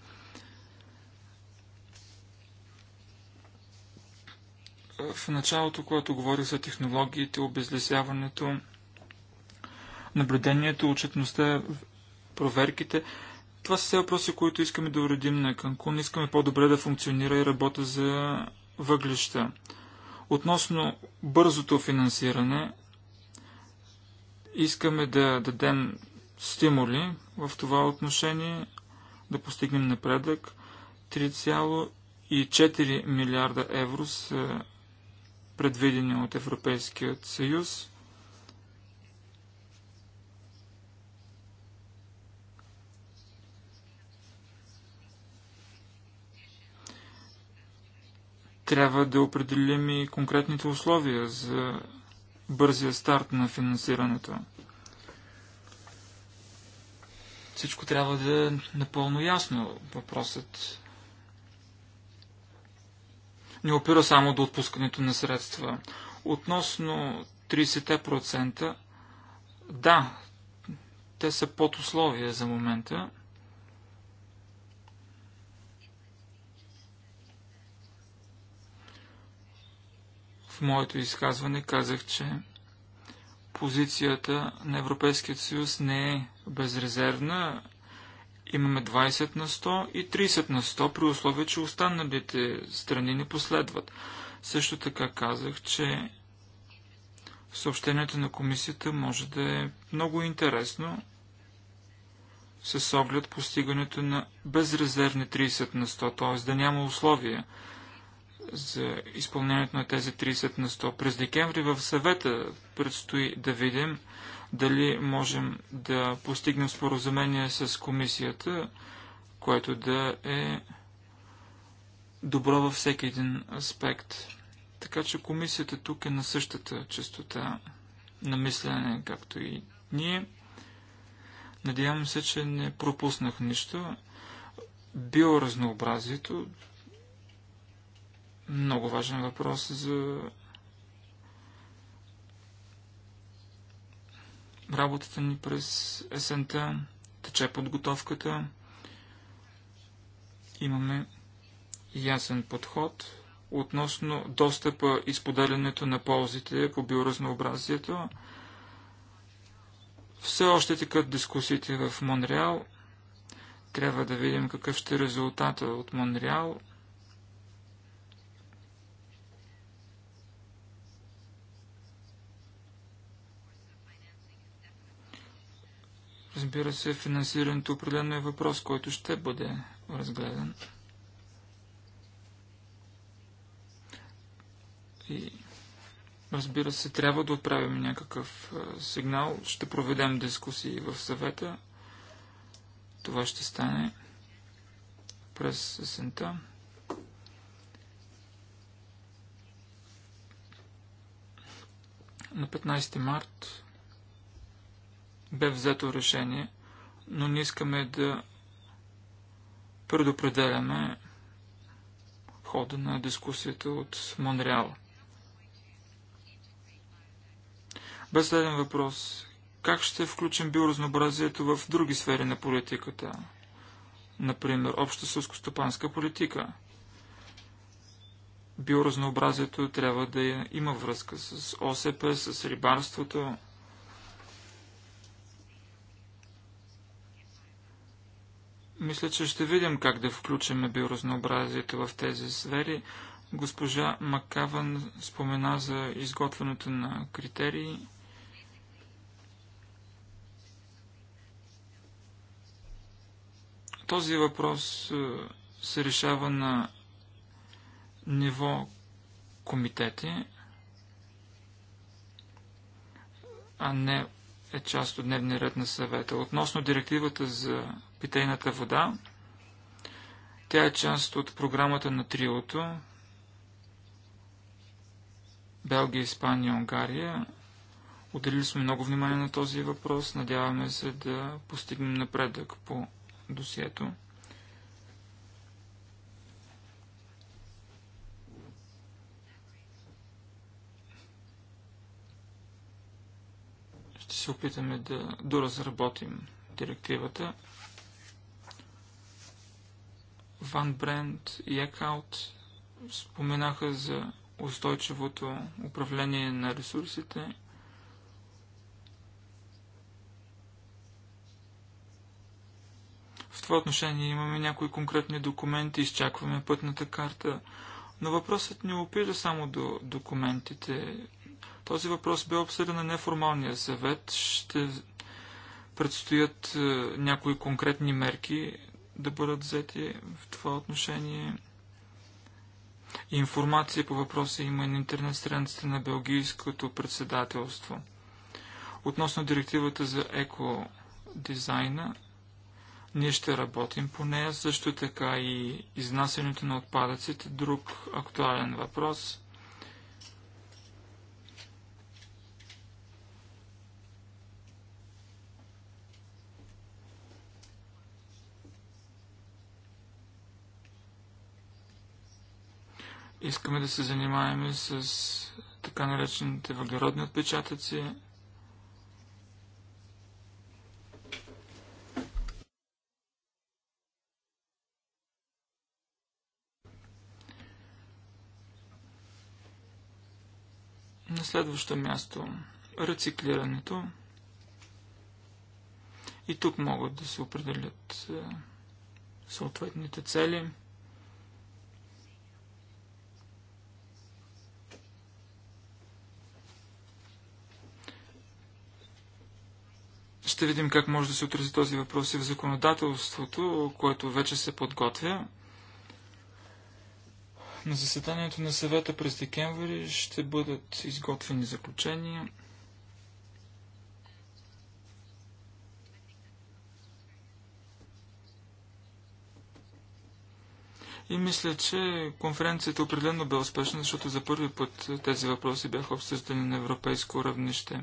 В началото, когато говорих за технологиите, обезлесяването, наблюдението, отчетността, проверките, това са все въпроси, които искаме да уредим на Канкун. Искаме по-добре да функционира и работа за въглища. Относно бързото финансиране, искаме да дадем стимули в това отношение, да постигнем напредък. 3,4 милиарда евро са предвидени от Европейският съюз Трябва да определим и конкретните условия за бързия старт на финансирането. Всичко трябва да е напълно ясно. Въпросът не опира само до отпускането на средства. Относно 30%, да, те са под условия за момента. моето изказване казах, че позицията на Европейския съюз не е безрезервна. Имаме 20 на 100 и 30 на 100 при условие, че останалите страни не последват. Също така казах, че съобщението на комисията може да е много интересно с оглед постигането на безрезервни 30 на 100, т.е. да няма условия за изпълнението на тези 30 на 100. През декември в съвета предстои да видим дали можем да постигнем споразумение с комисията, което да е добро във всеки един аспект. Така че комисията тук е на същата частота на мислене, както и ние. Надявам се, че не пропуснах нищо биоразнообразието, много важен въпрос за работата ни през есента. Тече подготовката. Имаме ясен подход относно достъпа и споделянето на ползите по биоразнообразието. Все още текат дискусиите в Монреал. Трябва да видим какъв ще е резултата от Монреал. Разбира се, финансирането определено е въпрос, който ще бъде разгледан. И разбира се, трябва да отправим някакъв сигнал. Ще проведем дискусии в съвета. Това ще стане през есента. На 15 март бе взето решение, но не искаме да предопределяме хода на дискусията от Монреал. Без следен въпрос. Как ще включим биоразнообразието в други сфери на политиката? Например, обща сълскостопанска политика. Биоразнообразието трябва да има връзка с ОСП, с рибарството, Мисля, че ще видим как да включим биоразнообразието в тези сфери. Госпожа Макаван спомена за изготвянето на критерии. Този въпрос е, се решава на ниво комитети, а не е част от дневния ред на съвета. Относно директивата за питейната вода. Тя е част от програмата на триото Белгия, Испания, Унгария. Отделили сме много внимание на този въпрос. Надяваме се да постигнем напредък по досието. Ще се опитаме да доразработим директивата. Ван Бренд и Екаут споменаха за устойчивото управление на ресурсите. В това отношение имаме някои конкретни документи, изчакваме пътната карта, но въпросът не опира само до документите. Този въпрос бе обсъден на неформалния съвет. Ще предстоят е, някои конкретни мерки да бъдат взети в това отношение. Информация по въпроса има и на интернет страницата на Белгийското председателство. Относно директивата за екодизайна, ние ще работим по нея, също така и изнасянето на отпадъците, друг актуален въпрос – Искаме да се занимаваме с така наречените въглеродни отпечатъци. На следващо място рециклирането. И тук могат да се определят е, съответните цели. Ще видим как може да се отрази този въпрос и в законодателството, което вече се подготвя. На заседанието на съвета през декември ще бъдат изготвени заключения. И мисля, че конференцията определено бе успешна, защото за първи път тези въпроси бяха обсъждани на европейско равнище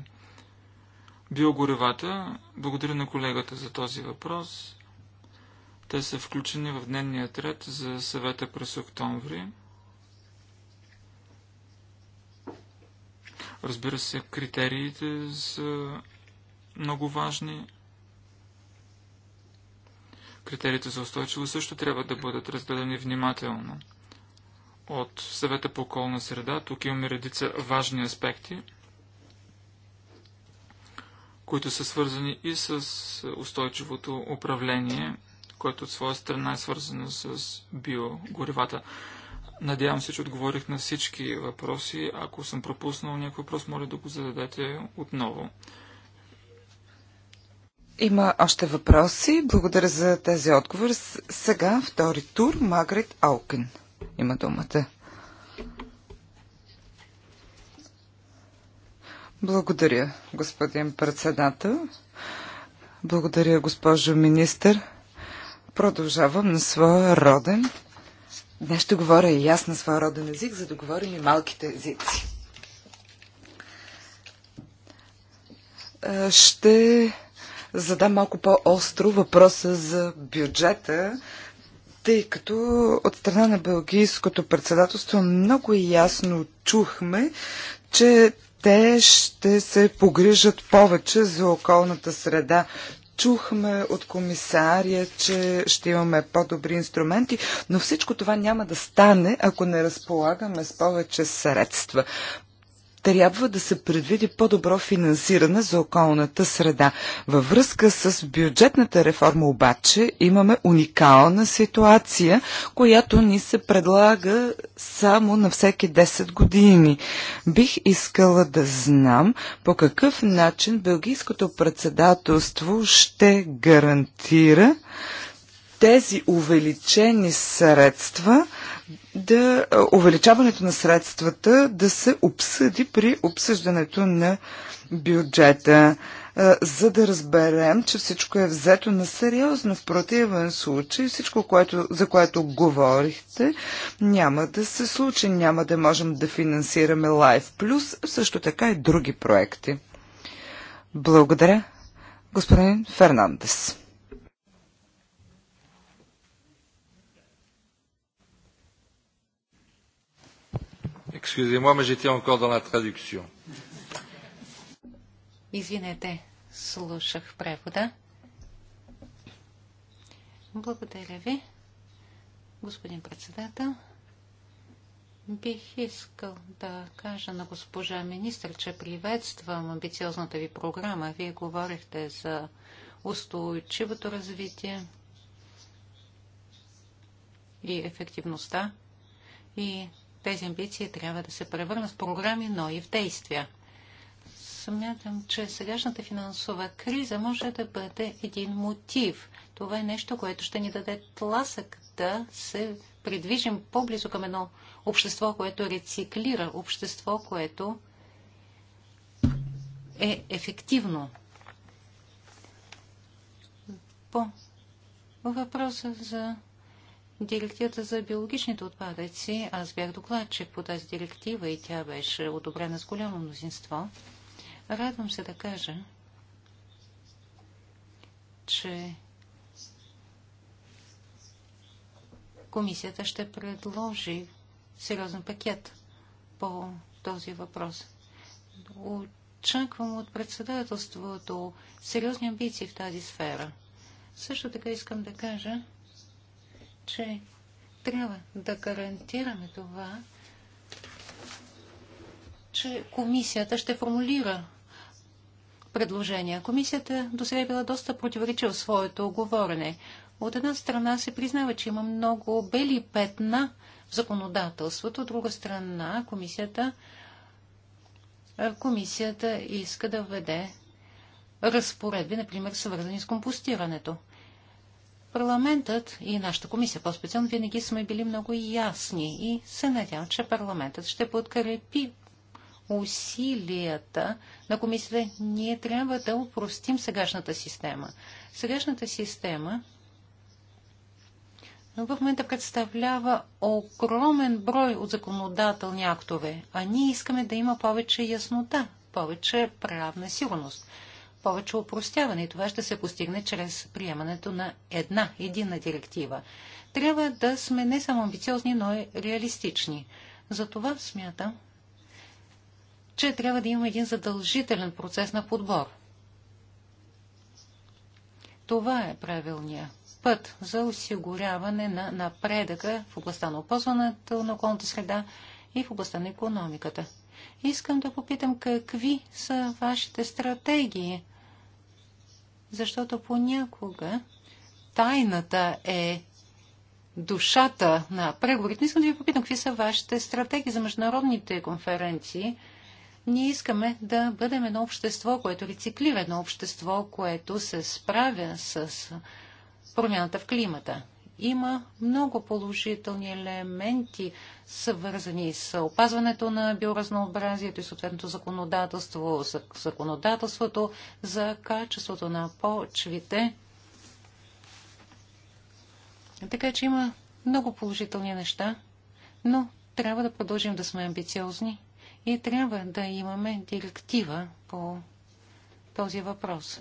биогоревата. Благодаря на колегата за този въпрос. Те са включени в дневния ред за съвета през октомври. Разбира се, критериите са много важни. Критериите за устойчиво също трябва да бъдат разгледани внимателно. От съвета по околна среда тук имаме редица важни аспекти – които са свързани и с е, устойчивото управление, което от своя страна е свързано с биогоривата. Надявам се, че отговорих на всички въпроси. Ако съм пропуснал някой въпрос, моля да го зададете отново. Има още въпроси. Благодаря за тези отговори. Сега втори тур. Магрит Аукен. има думата. Благодаря, господин председател. Благодаря, госпожо министър. Продължавам на своя роден. Днес ще говоря и аз на своя роден език, за да говорим и малките езици. Е, ще задам малко по-остро въпроса за бюджета, тъй като от страна на Белгийското председателство много ясно чухме, че те ще се погрижат повече за околната среда. Чухме от комисария, че ще имаме по-добри инструменти, но всичко това няма да стане, ако не разполагаме с повече средства трябва да се предвиди по-добро финансиране за околната среда. Във връзка с бюджетната реформа обаче имаме уникална ситуация, която ни се предлага само на всеки 10 години. Бих искала да знам по какъв начин Белгийското председателство ще гарантира тези увеличени средства да увеличаването на средствата да се обсъди при обсъждането на бюджета, за да разберем, че всичко е взето на сериозно. В противен случай всичко, което, за което говорихте, няма да се случи. Няма да можем да финансираме Life Plus, също така и други проекти. Благодаря, господин Фернандес. Excusez-moi, mais j'étais encore dans la traduction. Извинете, слушах превода. Благодаря ви, господин председател. Бих искал да кажа на госпожа министр, че приветствам амбициозната ви програма. Вие говорихте за устойчивото развитие и ефективността. И тези амбиции трябва да се превърнат в програми, но и в действия. Съмятам, че сегашната финансова криза може да бъде един мотив. Това е нещо, което ще ни даде тласък да се придвижим по-близо към едно общество, което рециклира, общество, което е ефективно. По въпроса за директивата за биологичните отпадъци. Аз бях докладчик по тази директива и тя беше одобрена с голямо мнозинство. Радвам се да кажа, че комисията ще предложи сериозен пакет по този въпрос. Очаквам от председателството сериозни амбиции в тази сфера. Също така искам да кажа, че трябва да гарантираме това, че комисията ще формулира предложения. Комисията до сега е била доста противоречива в своето оговорене. От една страна се признава, че има много бели петна в законодателството, от друга страна комисията, комисията иска да введе разпоредби, например, свързани с компостирането. Парламентът и нашата комисия по-специално винаги сме били много ясни и се надявам, че парламентът ще подкрепи усилията на комисията. Ние трябва да упростим сегашната система. Сегашната система в момента представлява огромен брой от законодателни актове, а ние искаме да има повече яснота, повече правна сигурност повече упростяване това ще се постигне чрез приемането на една единна директива. Трябва да сме не само амбициозни, но и реалистични. Затова смятам, че трябва да има един задължителен процес на подбор. Това е правилният път за осигуряване на напредъка в областта на опазването на околната среда и в областта на економиката. Искам да попитам какви са вашите стратегии защото понякога тайната е душата на преговорите. Искам да ви попитам, какви са вашите стратегии за международните конференции? Ние искаме да бъдем едно общество, което рециклира, едно общество, което се справя с промяната в климата. Има много положителни елементи, свързани с опазването на биоразнообразието и съответното законодателство, законодателството за качеството на почвите. Така че има много положителни неща, но трябва да продължим да сме амбициозни и трябва да имаме директива по този въпрос.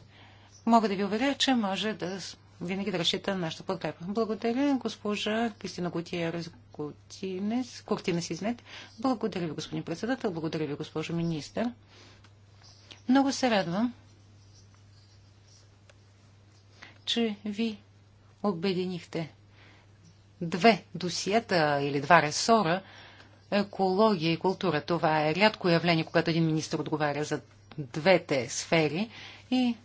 Мога да ви уверя, че може да винаги да разчита на нашата подкрепа. Благодаря, госпожа Кристина Готиерес Куртинес, си изнет. Благодаря ви, господин председател. Благодаря ви, госпожо министър. Много се радвам, че ви обединихте две досиета или два ресора екология и култура. Това е рядко явление, когато един министр отговаря за двете сфери и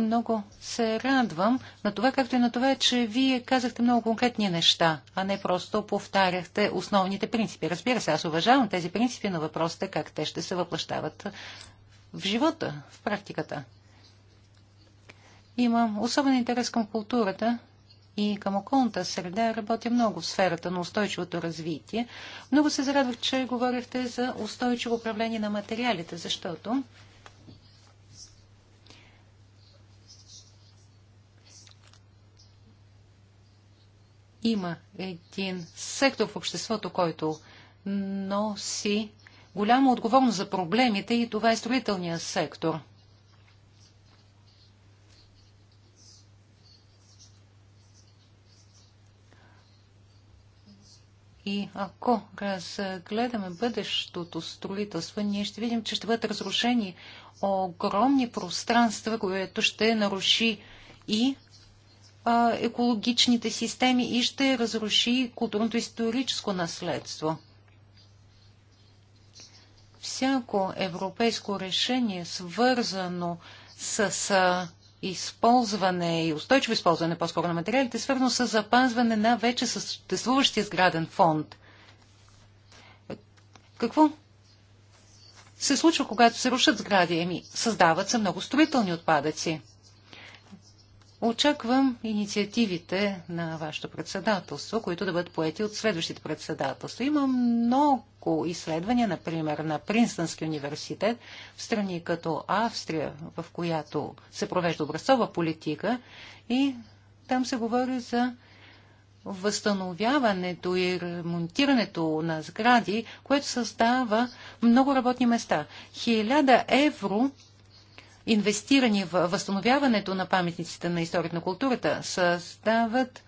много се радвам на това, както и на това, че вие казахте много конкретни неща, а не просто повтаряхте основните принципи. Разбира се, аз уважавам тези принципи, но въпросът е как те ще се въплащават в живота, в практиката. Имам особен интерес към културата и към околната среда. Работя много в сферата на устойчивото развитие. Много се зарадвах, че говорихте за устойчиво управление на материалите, защото има един сектор в обществото, който носи голяма отговорност за проблемите и това е строителния сектор. И ако разгледаме бъдещото строителство, ние ще видим, че ще бъдат разрушени огромни пространства, което ще наруши и а, екологичните системи и ще разруши културното историческо наследство. Всяко европейско решение, свързано с а, използване и устойчиво използване по-скоро на материалите, е свързано с запазване на вече съществуващия сграден фонд. Какво се случва, когато се рушат сгради? Еми, създават се много строителни отпадъци. Очаквам инициативите на вашето председателство, които да бъдат поети от следващите председателства. Има много изследвания, например, на Принстънски университет в страни като Австрия, в която се провежда образцова политика и там се говори за възстановяването и ремонтирането на сгради, което създава много работни места. Хиляда евро инвестирани в възстановяването на паметниците на историята на културата, създават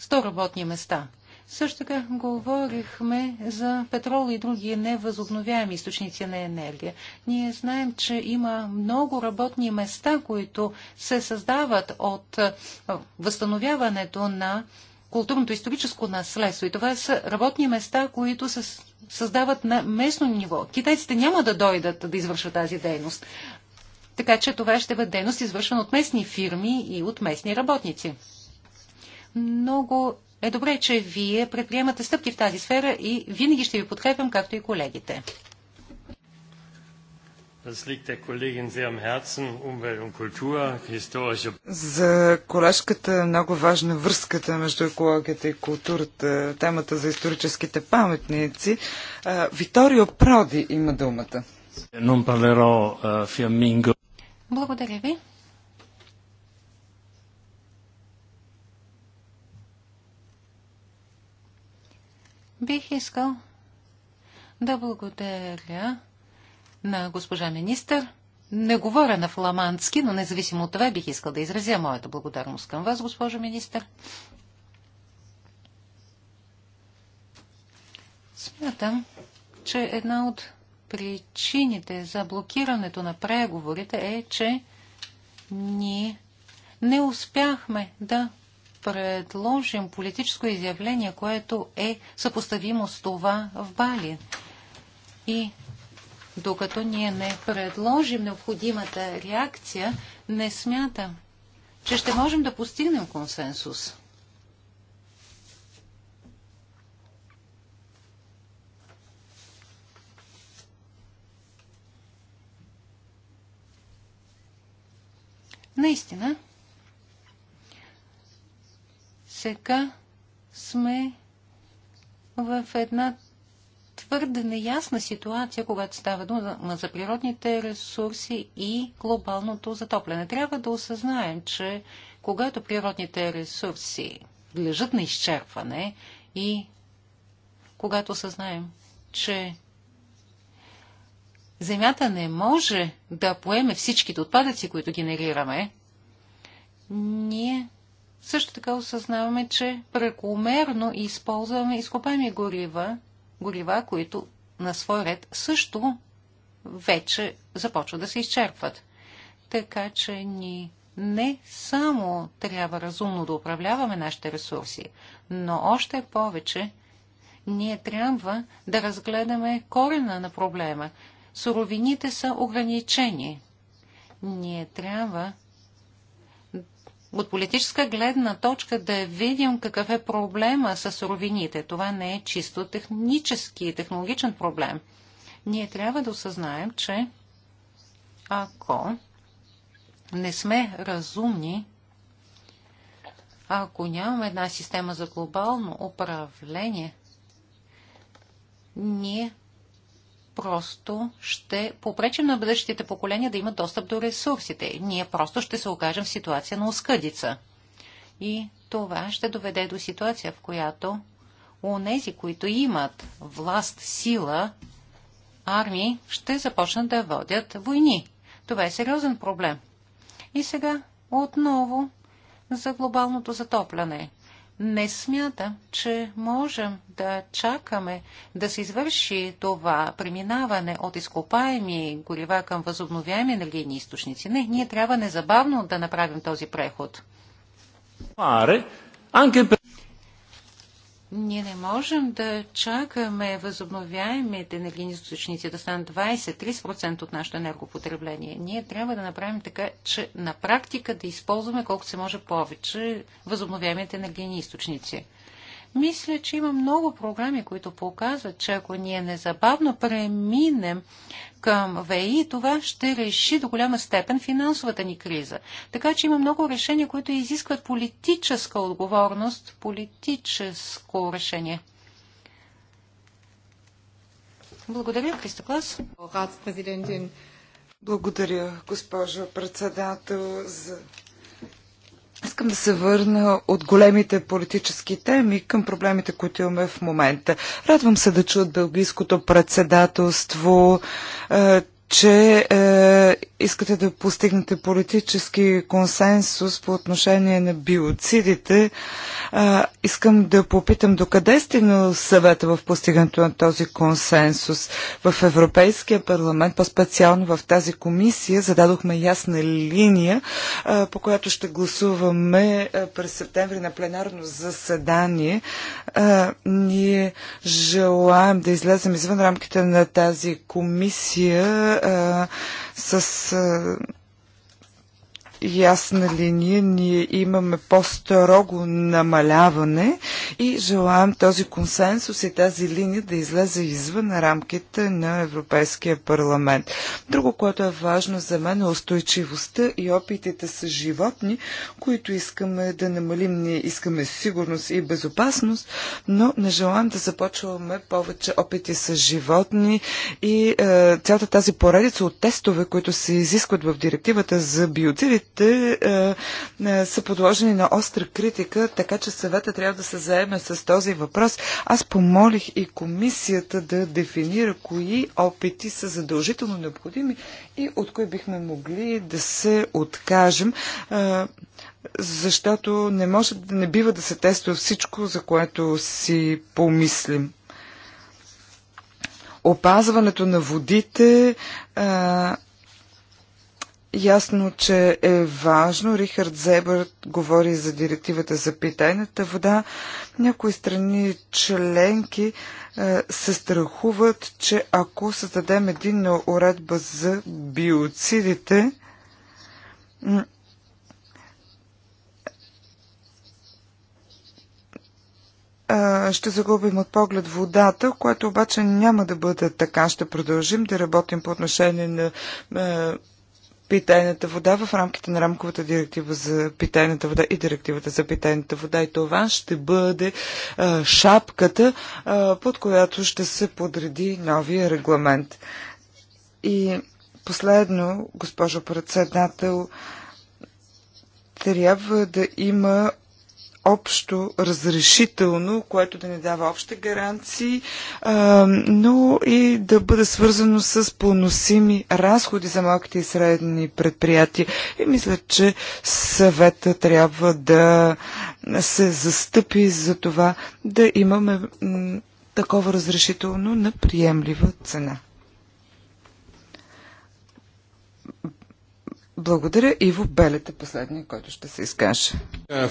100 работни места. Също така говорихме за петрол и други невъзобновяеми източници на енергия. Ние знаем, че има много работни места, които се създават от възстановяването на културното историческо наследство. И това са работни места, които се създават на местно ниво. Китайците няма да дойдат да извършват тази дейност. Така че това ще бъде дейност извършвана от местни фирми и от местни работници. Много е добре, че вие предприемате стъпки в тази сфера и винаги ще ви подкрепям, както и колегите. Das liegt der Kollegin sehr am Herzen. Umwelt und Kultur, historische... За колежката е много важна връзката между екологията и културата, темата за историческите паметници. Виторио Проди има думата. Non parlerò fiammingo. Благодаря ви. Бих искал да благодаря на госпожа министър. Не говоря на фламандски, но независимо от това бих искал да изразя моята благодарност към вас, госпожо министър. Смятам, че една от причините за блокирането на преговорите е, че ние не успяхме да предложим политическо изявление, което е съпоставимо с това в Бали. И докато ние не предложим необходимата реакция, не смятам, че ще можем да постигнем консенсус. Наистина, сега сме в една твърде неясна ситуация, когато става дума за природните ресурси и глобалното затопляне. Трябва да осъзнаем, че когато природните ресурси лежат на изчерпване и когато осъзнаем, че Земята не може да поеме всичките отпадъци, които генерираме, ние също така осъзнаваме, че прекомерно използваме изкопаеми горива горива, които на свой ред също вече започват да се изчерпват. Така че ни не само трябва разумно да управляваме нашите ресурси, но още повече ние трябва да разгледаме корена на проблема. Суровините са ограничени. Ние трябва от политическа гледна точка да видим какъв е проблема с суровините. Това не е чисто технически и технологичен проблем. Ние трябва да осъзнаем, че ако не сме разумни, ако нямаме една система за глобално управление, ние просто ще попречим на бъдещите поколения да имат достъп до ресурсите. Ние просто ще се окажем в ситуация на оскъдица. И това ще доведе до ситуация, в която нези, които имат власт, сила, армии, ще започнат да водят войни. Това е сериозен проблем. И сега отново за глобалното затопляне не смятам, че можем да чакаме да се извърши това преминаване от изкопаеми горива към възобновяеми енергийни източници. Не, ние трябва незабавно да направим този преход. Ние не можем да чакаме възобновяемите енергийни източници да станат 20-30% от нашето енергопотребление. Ние трябва да направим така, че на практика да използваме колкото се може повече възобновяемите енергийни източници. Мисля, че има много програми, които показват, че ако ние незабавно преминем към ВИ, това ще реши до голяма степен финансовата ни криза. Така че има много решения, които изискват политическа отговорност, политическо решение. Благодаря, Христа Клас. Благодаря, госпожо председател, за Искам да се върна от големите политически теми към проблемите, които имаме в момента. Радвам се да чуя от Белгийското председателство, е, че е, искате да постигнете политически консенсус по отношение на биоцидите. Е, искам да попитам докъде е стигнал съвета в постигането на този консенсус. В Европейския парламент, по-специално в тази комисия, зададохме ясна линия, е, по която ще гласуваме е, през септември на пленарно заседание. Е, ние желаем да излезем извън рамките на тази комисия е, с е, ясна линия, ние имаме по-строго намаляване и желаем този консенсус и тази линия да излезе извън рамките на Европейския парламент. Друго, което е важно за мен е устойчивостта и опитите с животни, които искаме да намалим. Ние искаме сигурност и безопасност, но не желаем да започваме повече опити с животни и е, цялата тази поредица от тестове, които се изискват в директивата за биоцидите, те е, е, са подложени на остра критика, така че съвета трябва да се заеме с този въпрос. Аз помолих и комисията да дефинира кои опити са задължително необходими и от кои бихме могли да се откажем, е, защото не може да не бива да се тества всичко, за което си помислим. Опазването на водите. Е, ясно, че е важно. Рихард Зебър говори за директивата за питайната вода. Някои страни членки е, се страхуват, че ако създадем единна уредба за биоцидите, ще загубим от поглед водата, което обаче няма да бъде така. Ще продължим да работим по отношение на е, питейната вода в рамките на рамковата директива за питейната вода и директивата за питейната вода. И това ще бъде а, шапката, а, под която ще се подреди новия регламент. И последно, госпожо председател, трябва да има общо разрешително, което да ни дава общи гаранции, но и да бъде свързано с поносими разходи за малките и средни предприятия. И мисля, че съвета трябва да се застъпи за това да имаме такова разрешително на приемлива цена. Благодаря. Иво Белет е последния, който ще се изкаже. Е, е,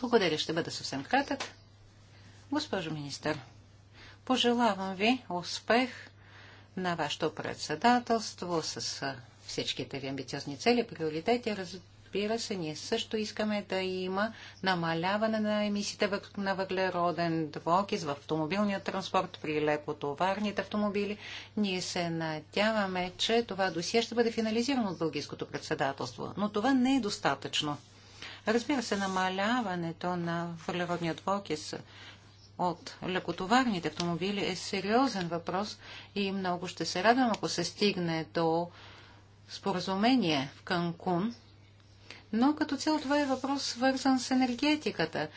Благодаря, ще бъда съвсем кратък. Госпожо министър, пожелавам ви успех на вашето председателство с е, всичките ви амбициозни цели, приоритети разбира се, ние също искаме да има намаляване на емисиите на въглероден двокис в автомобилния транспорт при лекотоварните автомобили. Ние се надяваме, че това досие ще бъде финализирано от Бългийското председателство, но това не е достатъчно. Разбира се, намаляването на въглеродния двокис от лекотоварните автомобили е сериозен въпрос и много ще се радвам, ако се стигне до споразумение в Канкун но като цяло това е въпрос свързан с енергетиката,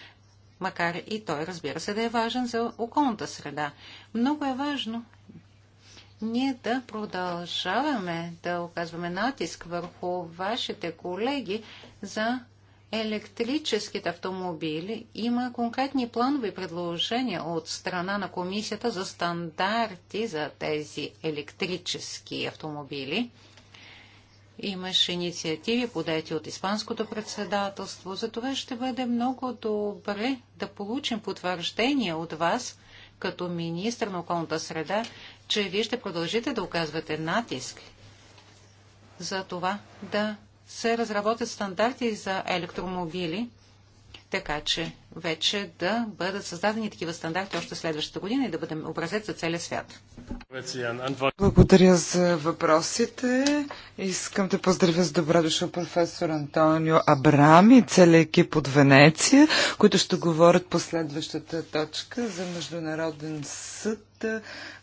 макар и той, разбира се, да е важен за околната среда. Много е важно ние да продължаваме да оказваме натиск върху вашите колеги за електрическите автомобили. Има конкретни планови предложения от страна на комисията за стандарти за тези електрически автомобили имаше инициативи, подети от Испанското председателство. За това ще бъде много добре да получим потвърждение от вас, като министр на околната среда, че вие ще продължите да оказвате натиск за това да се разработят стандарти за електромобили, така че вече да бъдат създадени такива стандарти още следващата година и да бъдем образец за целия свят. Благодаря за въпросите. Искам да поздравя с добре душа професор Антонио Абрам и целия екип от Венеция, които ще говорят по следващата точка за Международен съд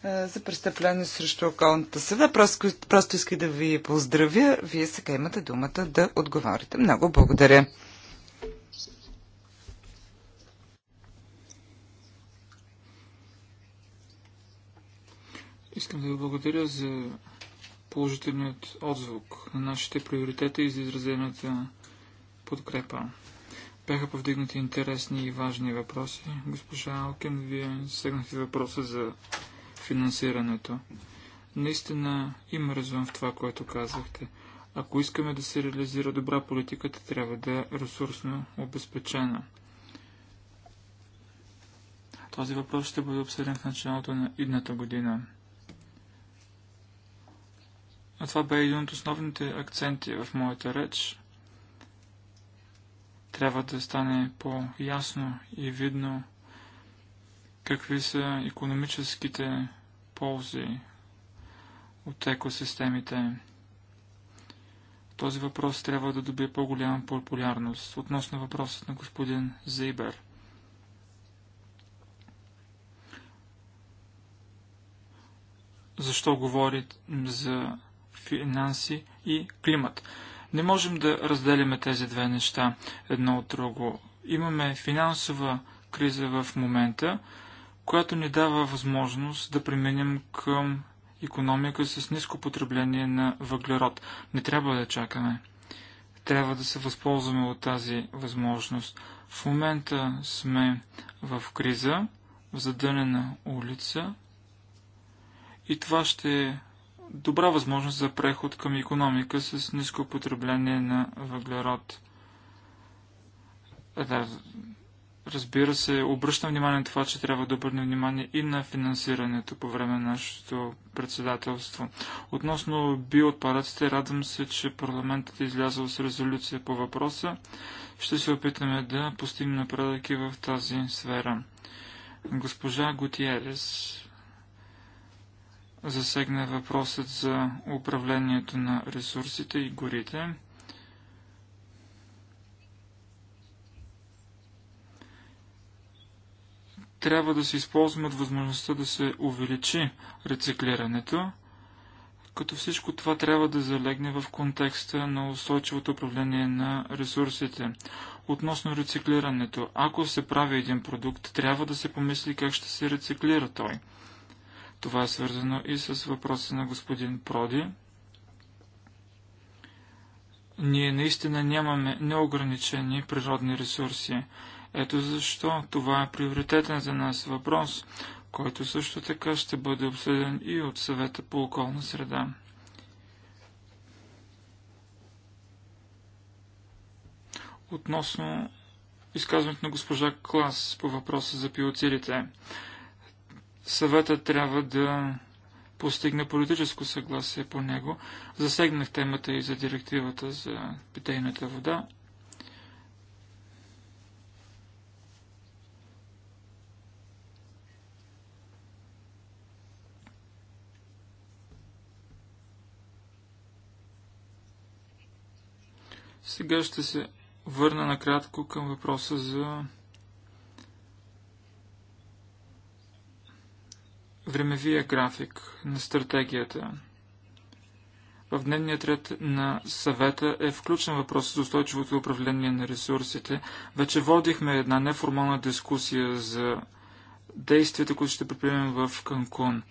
за престъпление срещу околната среда. Просто, просто исках да ви поздравя. Вие сега имате думата да отговорите. Много благодаря. Искам да ви благодаря за положителният отзвук на нашите приоритети и за изразената подкрепа. Бяха повдигнати интересни и важни въпроси. Госпожа Алкен, вие сегнахте въпроса за финансирането. Наистина има резон в това, което казахте. Ако искаме да се реализира добра политиката, трябва да е ресурсно обезпечена. Този въпрос ще бъде обсъден в началото на идната година. А това бе един от основните акценти в моята реч. Трябва да стане по-ясно и видно какви са економическите ползи от екосистемите. Този въпрос трябва да добие по-голяма популярност относно въпросът на господин Зейбер. Защо говорите за финанси и климат. Не можем да разделяме тези две неща едно от друго. Имаме финансова криза в момента, която ни дава възможност да преминем към економика с ниско потребление на въглерод. Не трябва да чакаме. Трябва да се възползваме от тази възможност. В момента сме в криза, в задънена улица и това ще е добра възможност за преход към економика с ниско потребление на въглерод. Е, да, разбира се, обръщам внимание на това, че трябва да обърнем внимание и на финансирането по време на нашето председателство. Относно биоотпадъците, радвам се, че парламентът е излязъл с резолюция по въпроса. Ще се опитаме да постигнем напредък и в тази сфера. Госпожа Гутиерес засегна въпросът за управлението на ресурсите и горите. Трябва да се използваме от възможността да се увеличи рециклирането, като всичко това трябва да залегне в контекста на устойчивото управление на ресурсите. Относно рециклирането, ако се прави един продукт, трябва да се помисли как ще се рециклира той – това е свързано и с въпроса на господин Проди. Ние наистина нямаме неограничени природни ресурси. Ето защо това е приоритетен за нас въпрос, който също така ще бъде обсъден и от съвета по околна среда. Относно изказването на госпожа Клас по въпроса за пиоцидите съвета трябва да постигне политическо съгласие по него. Засегнах темата и за директивата за питейната вода. Сега ще се върна накратко към въпроса за времевия график на стратегията. В дневния ред на съвета е включен въпрос за устойчивото управление на ресурсите. Вече водихме една неформална дискусия за действията, които ще предприемем в Канкун.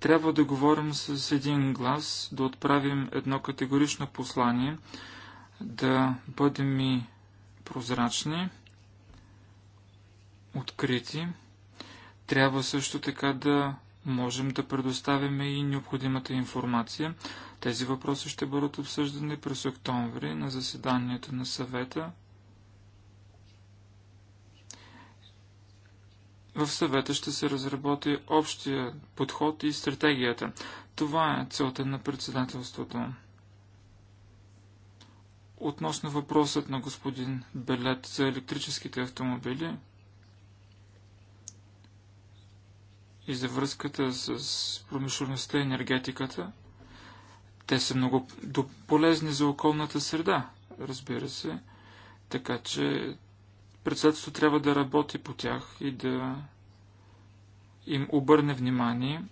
Трябва да говорим с един глас, да отправим едно категорично послание, да бъдем и прозрачни, открити. Трябва също така да можем да предоставяме и необходимата информация. Тези въпроси ще бъдат обсъждани през октомври на заседанието на съвета. В съвета ще се разработи общия подход и стратегията. Това е целта на председателството. Относно въпросът на господин Белет за електрическите автомобили, и за връзката с промишлеността и енергетиката. Те са много полезни за околната среда, разбира се, така че председателството трябва да работи по тях и да им обърне внимание,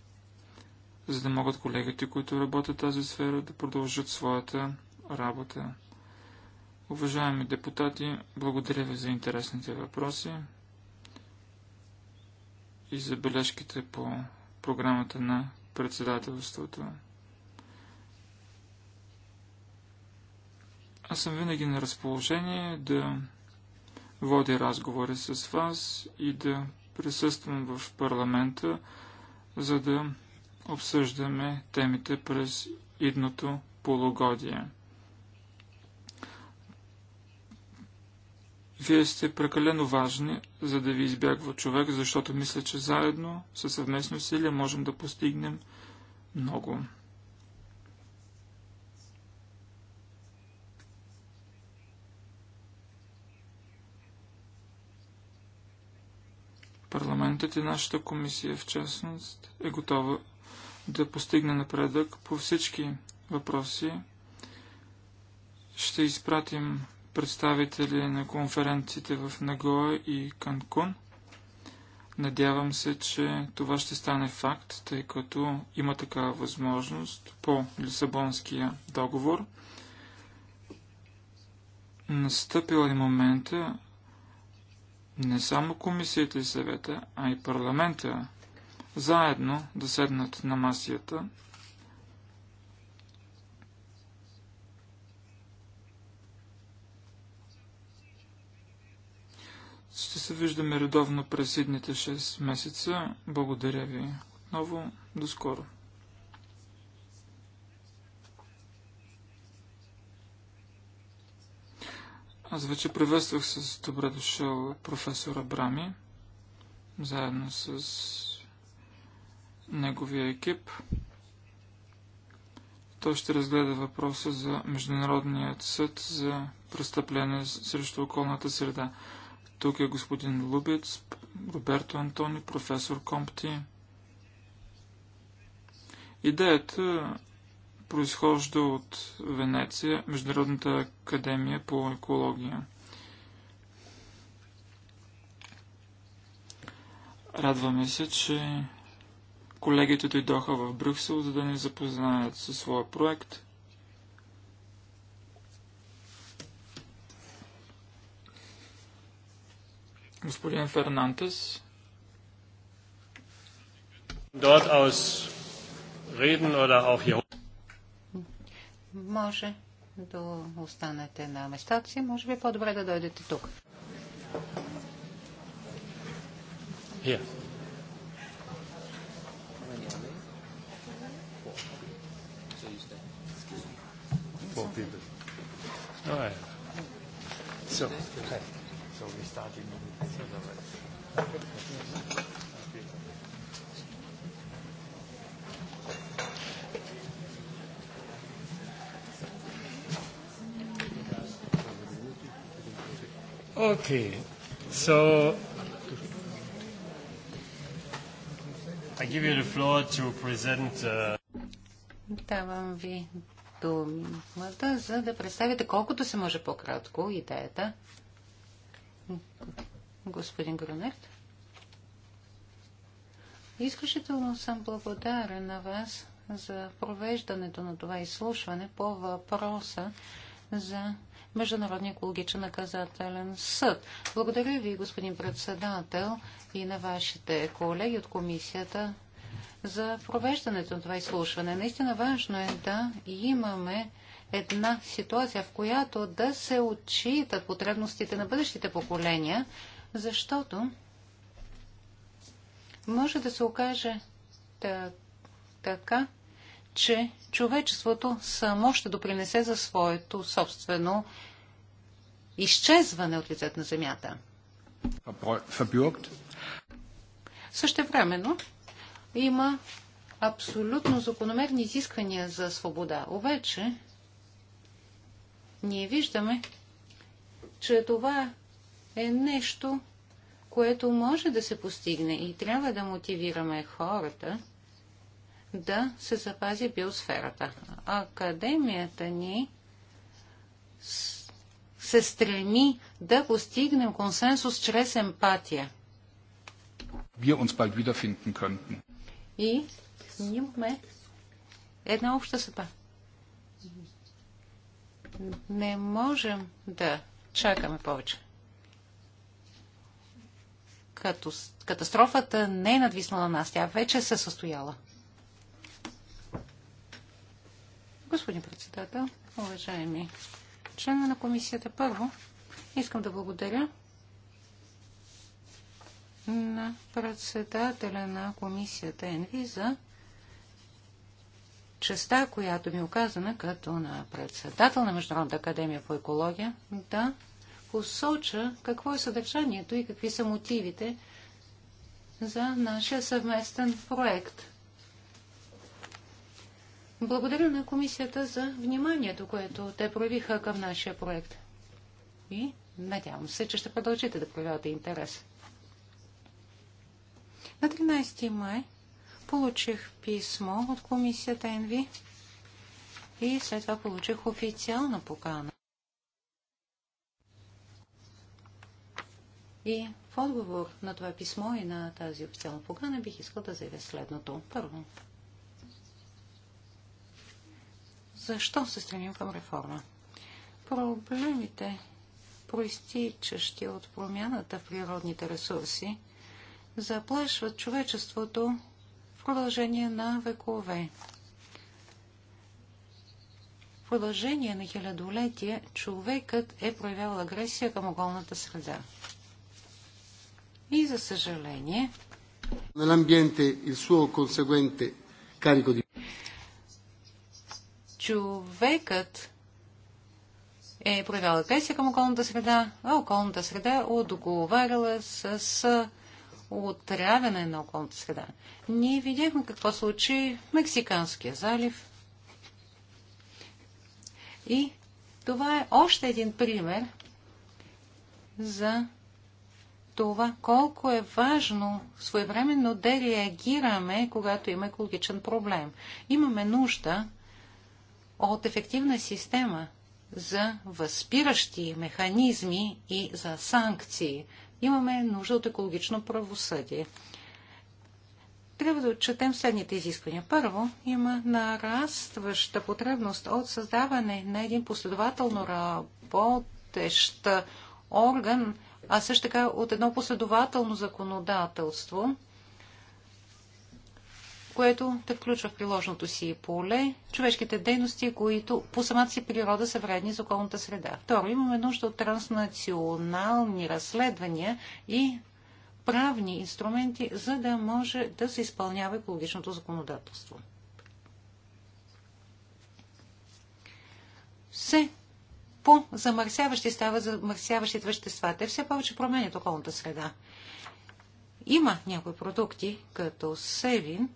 за да могат колегите, които работят в тази сфера, да продължат своята работа. Уважаеми депутати, благодаря ви за интересните въпроси и забележките по програмата на председателството. Аз съм винаги на разположение да водя разговори с вас и да присъствам в парламента, за да обсъждаме темите през идното полугодие. Вие сте прекалено важни, за да ви избягва човек, защото мисля, че заедно, със съвместни усилия, можем да постигнем много. Парламентът и нашата комисия, в частност, е готова да постигне напредък по всички въпроси. Ще изпратим представители на конференциите в Нагоя и Канкун. Надявам се, че това ще стане факт, тъй като има такава възможност по Лисабонския договор. Настъпила е момента не само комисията и съвета, а и парламента заедно да седнат на масията Ще се виждаме редовно през едните 6 месеца. Благодаря ви отново. До скоро. Аз вече приветствах с добре дошъл професора Брами, заедно с неговия екип. Той ще разгледа въпроса за Международният съд за престъпление срещу околната среда. Тук е господин Лубец, Роберто Антони, професор Компти. Идеята произхожда от Венеция, Международната академия по екология. Радваме се, че колегите дойдоха в Брюксел, за да ни запознаят със своя проект. Господин Фернантес. Dort aus reden oder auch hier. Може да останете на местата си, може би по-добре да дойдете тук. Here. Four people. All right. So, okay sono stati Okay, so I give you the floor to present. Uh, Давам ви думата, за да представите колкото се може по-кратко идеята господин Грунерт. Изключително съм благодарен на вас за провеждането на това изслушване по въпроса за Международния екологичен наказателен съд. Благодаря ви, господин председател, и на вашите колеги от комисията за провеждането на това изслушване. Наистина важно е да имаме една ситуация, в която да се отчитат потребностите на бъдещите поколения, защото може да се окаже така, че човечеството само ще допринесе за своето собствено изчезване от лицето на Земята. Също времено има абсолютно закономерни изисквания за свобода. Обаче, ние виждаме, че това е нещо, което може да се постигне и трябва да мотивираме хората да се запази биосферата. Академията ни се стреми да постигнем консенсус чрез емпатия. Wir uns bald wiederfinden könnten. И имаме една обща съпа. Не можем да чакаме повече. Като, катастрофата не е надвиснала на нас, тя вече се е състояла. Господин председател, уважаеми члена на комисията, първо искам да благодаря на председателя на комисията Енви за честа, която ми е оказана като на председател на Международната академия по екология, да посоча какво е съдържанието и какви са мотивите за нашия съвместен проект. Благодаря на комисията за вниманието, което те проявиха към нашия проект. И надявам се, че ще продължите да проявявате интерес. На 13 май Получих писмо от комисията НВ и след това получих официална покана. И в отговор на това писмо и на тази официална покана бих искал да заявя следното. Първо, защо се стремим към реформа? Проблемите, проистичащи от промяната в природните ресурси, заплашват човечеството продължение на векове. В продължение на хилядолетия човекът е проявявал агресия към околната среда. И за съжаление, човекът е проявял агресия към околната среда, а околната среда е отговаряла с отравяне на околната среда. Ние видяхме какво случи в Мексиканския залив. И това е още един пример за това колко е важно своевременно да реагираме, когато има екологичен проблем. Имаме нужда от ефективна система за възпиращи механизми и за санкции – Имаме нужда от екологично правосъдие. Трябва да отчетем следните изисквания. Първо, има нарастваща потребност от създаване на един последователно работещ орган, а също така от едно последователно законодателство, което те включва в приложното си поле човешките дейности, които по самата си природа са вредни за околната среда. Второ, имаме нужда от транснационални разследвания и правни инструменти, за да може да се изпълнява екологичното законодателство. Все по-замърсяващи стават замърсяващите вещества. Те все повече променят околната среда. Има някои продукти, като севин,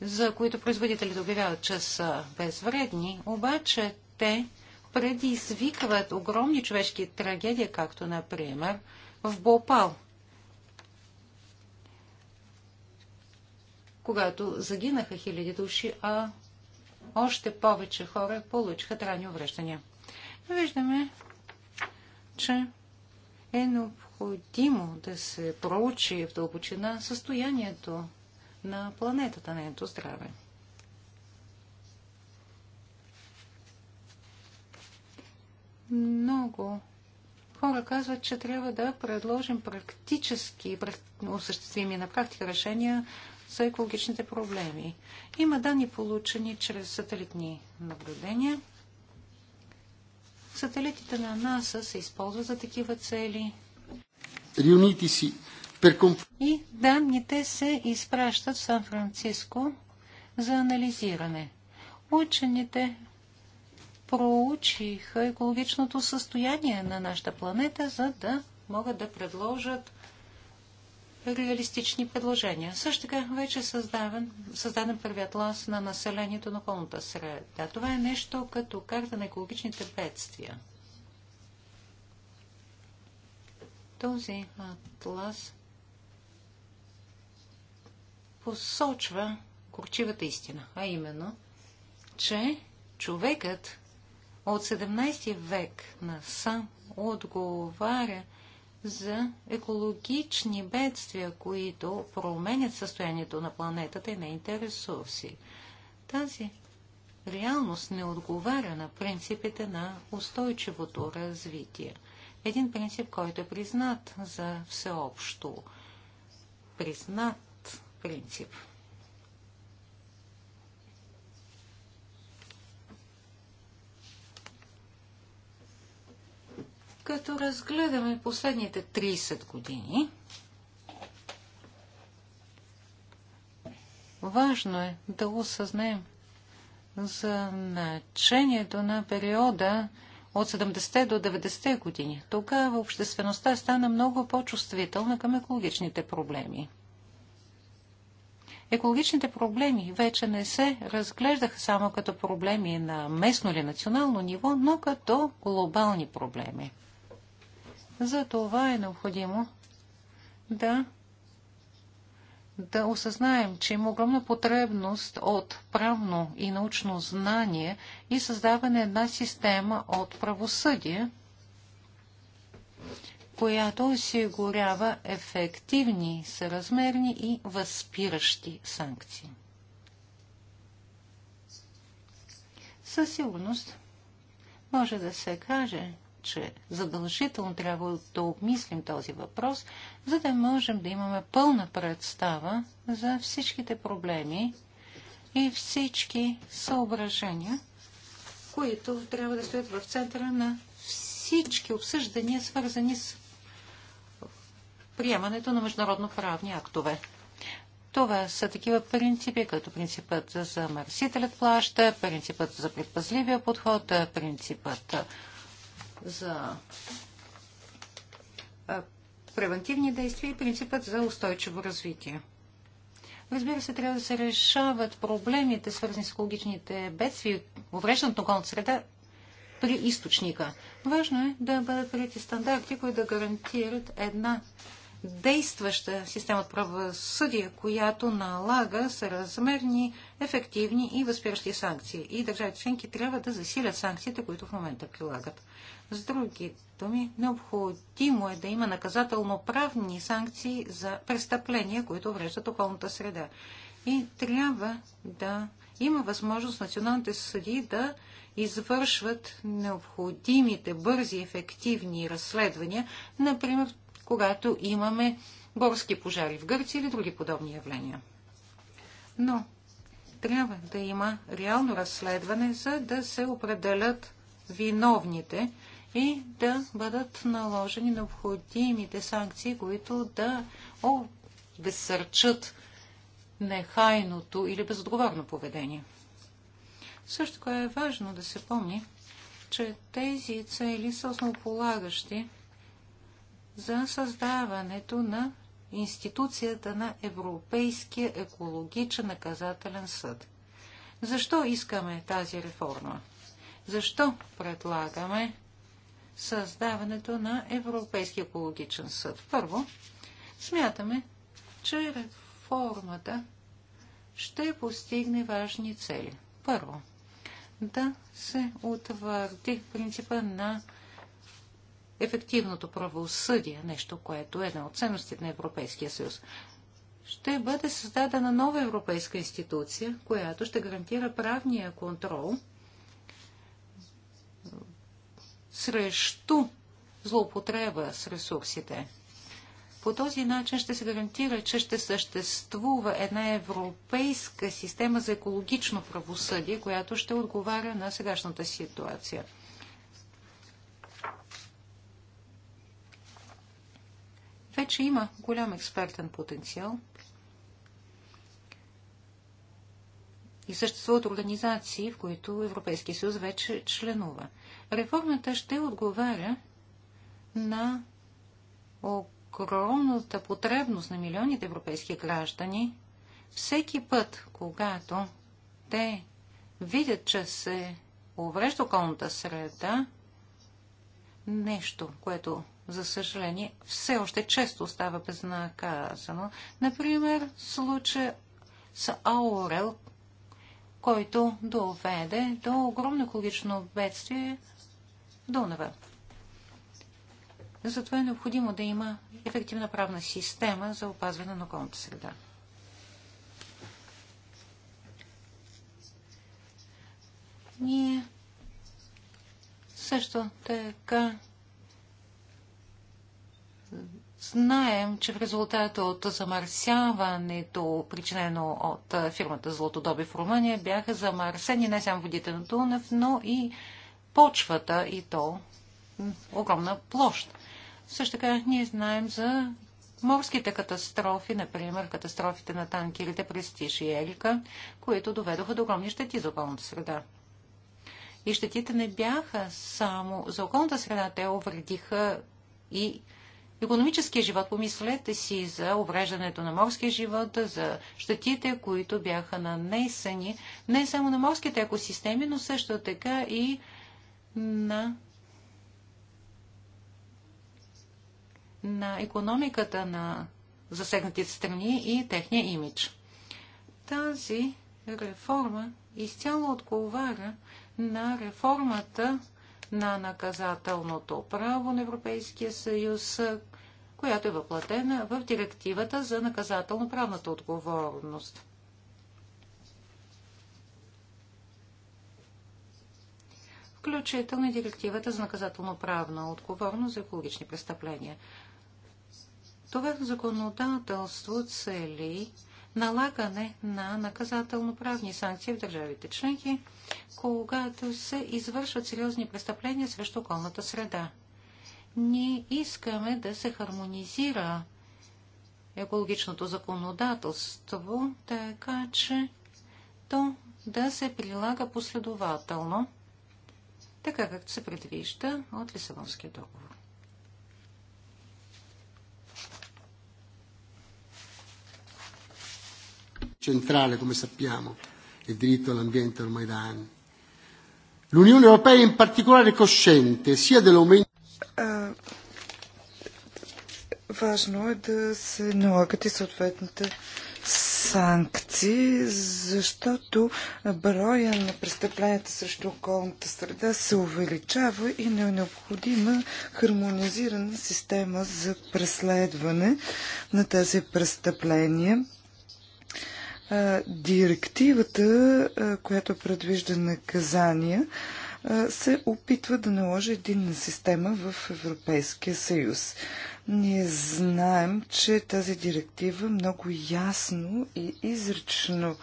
за които производителите обявяват, че са безвредни, обаче те предизвикват огромни човешки трагедии, както, например, в Бопал, когато загинаха хиляди души, а още повече хора получиха трайни увреждания. Виждаме, че е необходимо да се проучи в дълбочина състоянието на планетата, нейното здраве. Много хора казват, че трябва да предложим практически, осъществими на практика решения за екологичните проблеми. Има данни получени чрез сателитни наблюдения. Сателитите на НАСА се използват за такива цели. си. И данните се изпращат в Сан-Франциско за анализиране. Учените проучиха екологичното състояние на нашата планета, за да могат да предложат реалистични предложения. Също така вече създаден, създаден първият лаз на населението на околната среда. Това е нещо като карта на екологичните бедствия. Този атлас посочва горчивата истина, а именно, че човекът от 17 век сам отговаря за екологични бедствия, които променят състоянието на планетата и нейните ресурси. Тази реалност не отговаря на принципите на устойчивото развитие. Един принцип, който е признат за всеобщо признат принцип. Като разгледаме последните 30 години, важно е да осъзнаем за значението на периода от 70-те до 90-те години. Тогава обществеността стана много по-чувствителна към екологичните проблеми екологичните проблеми вече не се разглеждаха само като проблеми на местно или национално ниво, но като глобални проблеми. За това е необходимо да, да осъзнаем, че има огромна потребност от правно и научно знание и създаване една система от правосъдие, която осигурява ефективни, съразмерни и възпиращи санкции. Със сигурност може да се каже, че задължително трябва да обмислим този въпрос, за да можем да имаме пълна представа за всичките проблеми и всички съображения, които трябва да стоят в центъра на всички обсъждания, свързани с приемането на международно-правни актове. Това са такива принципи, като принципът за мърсителят плаща, принципът за предпазливия подход, принципът за превентивни действия и принципът за устойчиво развитие. Разбира се, трябва да се решават проблемите, свързани с екологичните бедствия, увреждането на околната среда при източника. Важно е да бъдат прияти стандарти, които да гарантират една действаща система от правосъдие, която налага съразмерни, ефективни и възпиращи санкции. И държавите членки трябва да засилят санкциите, които в момента прилагат. С други думи, необходимо е да има наказателно-правни санкции за престъпления, които вреждат околната среда. И трябва да има възможност националните съди да извършват необходимите бързи ефективни разследвания, например когато имаме горски пожари в Гърция или други подобни явления. Но трябва да има реално разследване, за да се определят виновните и да бъдат наложени необходимите санкции, които да обесърчат нехайното или безотговорно поведение. Също така е важно да се помни, че тези цели са основополагащи за създаването на институцията на Европейския екологичен наказателен съд. Защо искаме тази реформа? Защо предлагаме създаването на Европейския екологичен съд? Първо, смятаме, че реформата ще постигне важни цели. Първо, да се утвърди принципа на ефективното правосъдие, нещо, което е една от ценностите на Европейския съюз. Ще бъде създадена нова европейска институция, която ще гарантира правния контрол срещу злоупотреба с ресурсите. По този начин ще се гарантира, че ще съществува една европейска система за екологично правосъдие, която ще отговаря на сегашната ситуация – Вече има голям експертен потенциал и съществуват организации, в които Европейския съюз вече членува. Реформата ще отговаря на огромната потребност на милионите европейски граждани всеки път, когато те видят, че се уврежда околната среда, нещо, което за съжаление, все още често остава безнаказано. Например, случай с Аурел, който доведе до огромно екологично бедствие Дунава. Затова е необходимо да има ефективна правна система за опазване на околната среда. Ние също така Знаем, че в резултат от замърсяването, причинено от фирмата Златодоби в Румъния, бяха замърсени не само водите на Тунев, но и почвата и то огромна площ. Също така ние знаем за морските катастрофи, например катастрофите на танкерите през и Ерика, които доведоха до огромни щети за околната среда. И щетите не бяха само за околната среда, те увредиха и економическия живот. Помислете си за увреждането на морския живот, за щетите, които бяха нанесени не само на морските екосистеми, но също така и на на економиката на засегнатите страни и техния имидж. Тази реформа изцяло отговаря на реформата на наказателното право на Европейския съюз, която е въплатена в директивата за наказателно-правната отговорност. включително и директивата за наказателно-правна отговорност за екологични престъпления. Това законодателство цели налагане на наказателно-правни санкции в държавите членки, когато се извършват сериозни престъпления срещу околната среда. Ние искаме да се хармонизира екологичното законодателство, така че то да се прилага последователно, така както се предвижда от Лисабонския договор. centrale, come sappiamo, il diritto all'ambiente ormai da anni. L'Unione Europea è in particolare cosciente sia dell'aumento. Е, важно е да се налагат и съответните санкции, защото броя на престъпленията срещу околната среда се увеличава и не е необходима хармонизирана система за преследване на тези престъпления директивата, която предвижда наказания, се опитва да наложи единна система в Европейския съюз. Ние знаем, че тази директива много ясно и изрично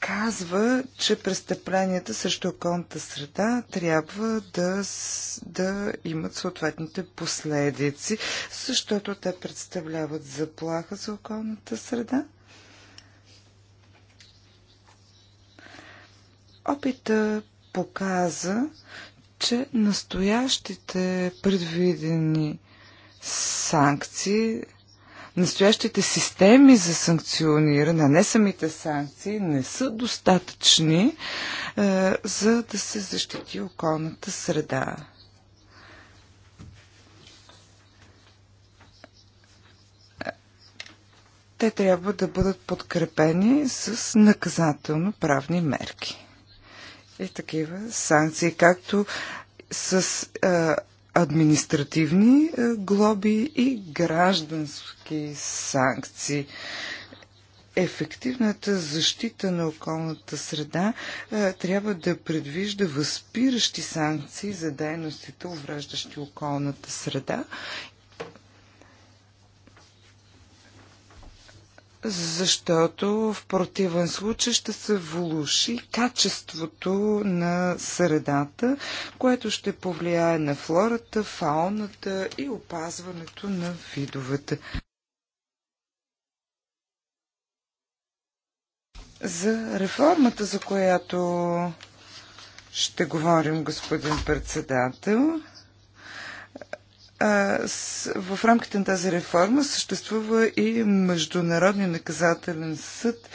казва, че престъпленията срещу околната среда трябва да, да имат съответните последици, защото те представляват заплаха за околната среда Опита показа, че настоящите предвидени санкции, настоящите системи за санкциониране, не самите санкции, не са достатъчни е, за да се защити околната среда. Те трябва да бъдат подкрепени с наказателно правни мерки и такива санкции, както с а, административни а, глоби и граждански санкции. Ефективната защита на околната среда а, трябва да предвижда възпиращи санкции за дейностите, увреждащи околната среда защото в противен случай ще се влуши качеството на средата, което ще повлияе на флората, фауната и опазването на видовете. За реформата, за която ще говорим, господин председател, в рамките на тази реформа съществува и Международния наказателен съд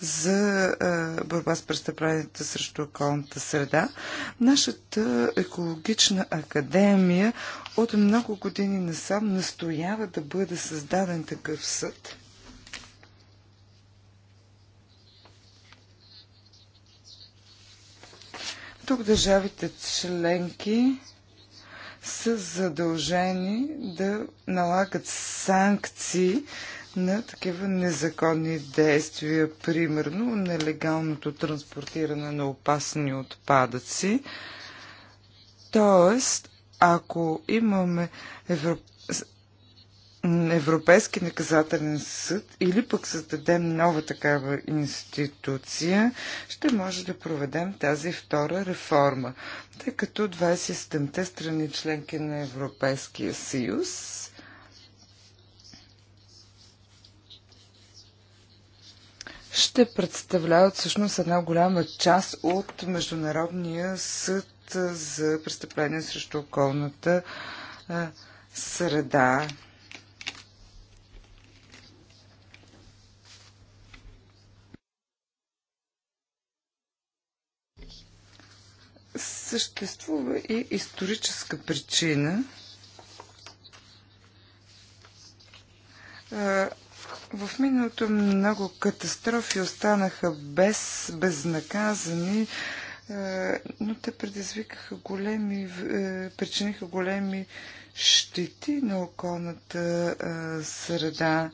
за борба с престъпленията срещу околната среда. Нашата екологична академия от много години насам настоява да бъде създаден такъв съд. Тук държавите членки са задължени да налагат санкции на такива незаконни действия, примерно нелегалното транспортиране на опасни отпадъци. Тоест, ако имаме европейски Европейски наказателен съд или пък създадем нова такава институция, ще може да проведем тази втора реформа, тъй като 27-те страни членки на Европейския съюз ще представляват всъщност една голяма част от Международния съд за престъпление срещу околната среда. съществува и историческа причина в миналото много катастрофи останаха без, безнаказани, но те предизвикаха големи, е, причиниха големи щети на околната среда.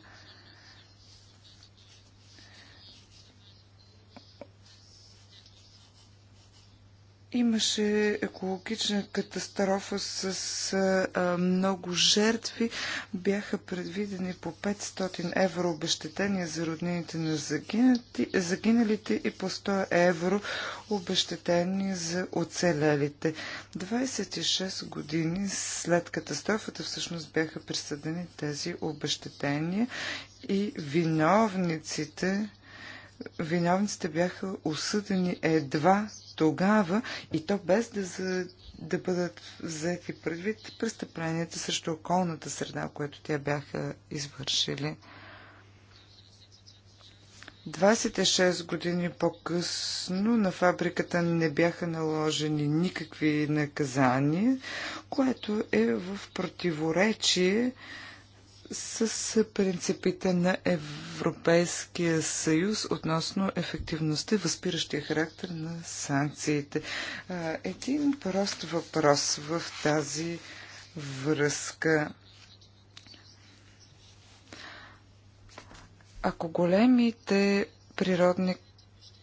Имаше екологична катастрофа с а, много жертви. Бяха предвидени по 500 евро обещетения за роднините на загиналите и по 100 евро обещетения за оцелелите. 26 години след катастрофата всъщност бяха присъдени тези обещетения и виновниците, виновниците бяха осъдени едва тогава и то без да, за, да бъдат взети предвид престъпленията срещу околната среда, което те бяха извършили. 26 години по-късно на фабриката не бяха наложени никакви наказания, което е в противоречие с принципите на Европейския съюз относно ефективността и възпиращия характер на санкциите. Един прост въпрос в тази връзка. Ако големите природни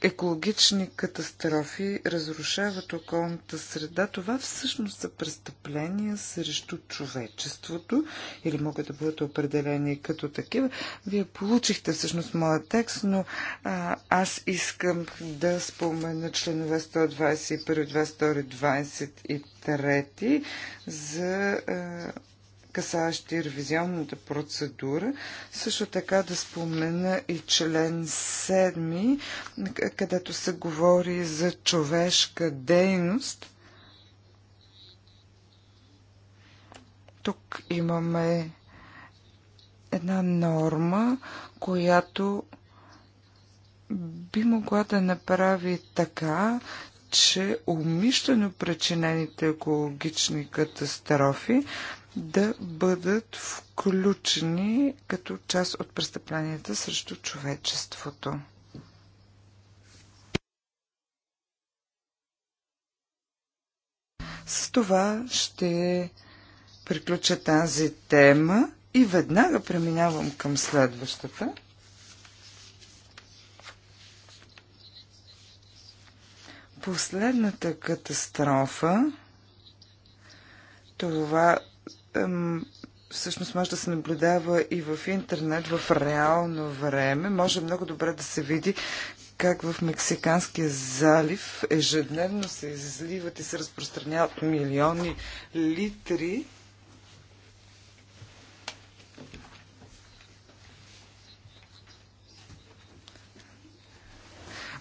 екологични катастрофи разрушават околната среда. Това всъщност са престъпления срещу човечеството или могат да бъдат определени като такива. Вие получихте всъщност моят текст, но а, аз искам да спомена членове 121, 22, 23 за а, касаещи ревизионната процедура. Също така да спомена и член 7, където се говори за човешка дейност. Тук имаме една норма, която би могла да направи така, че умишлено причинените екологични катастрофи да бъдат включени като част от престъпленията срещу човечеството. С това ще приключа тази тема и веднага преминавам към следващата. Последната катастрофа това всъщност може да се наблюдава и в интернет в реално време. Може много добре да се види как в Мексиканския залив ежедневно се изливат и се разпространяват милиони литри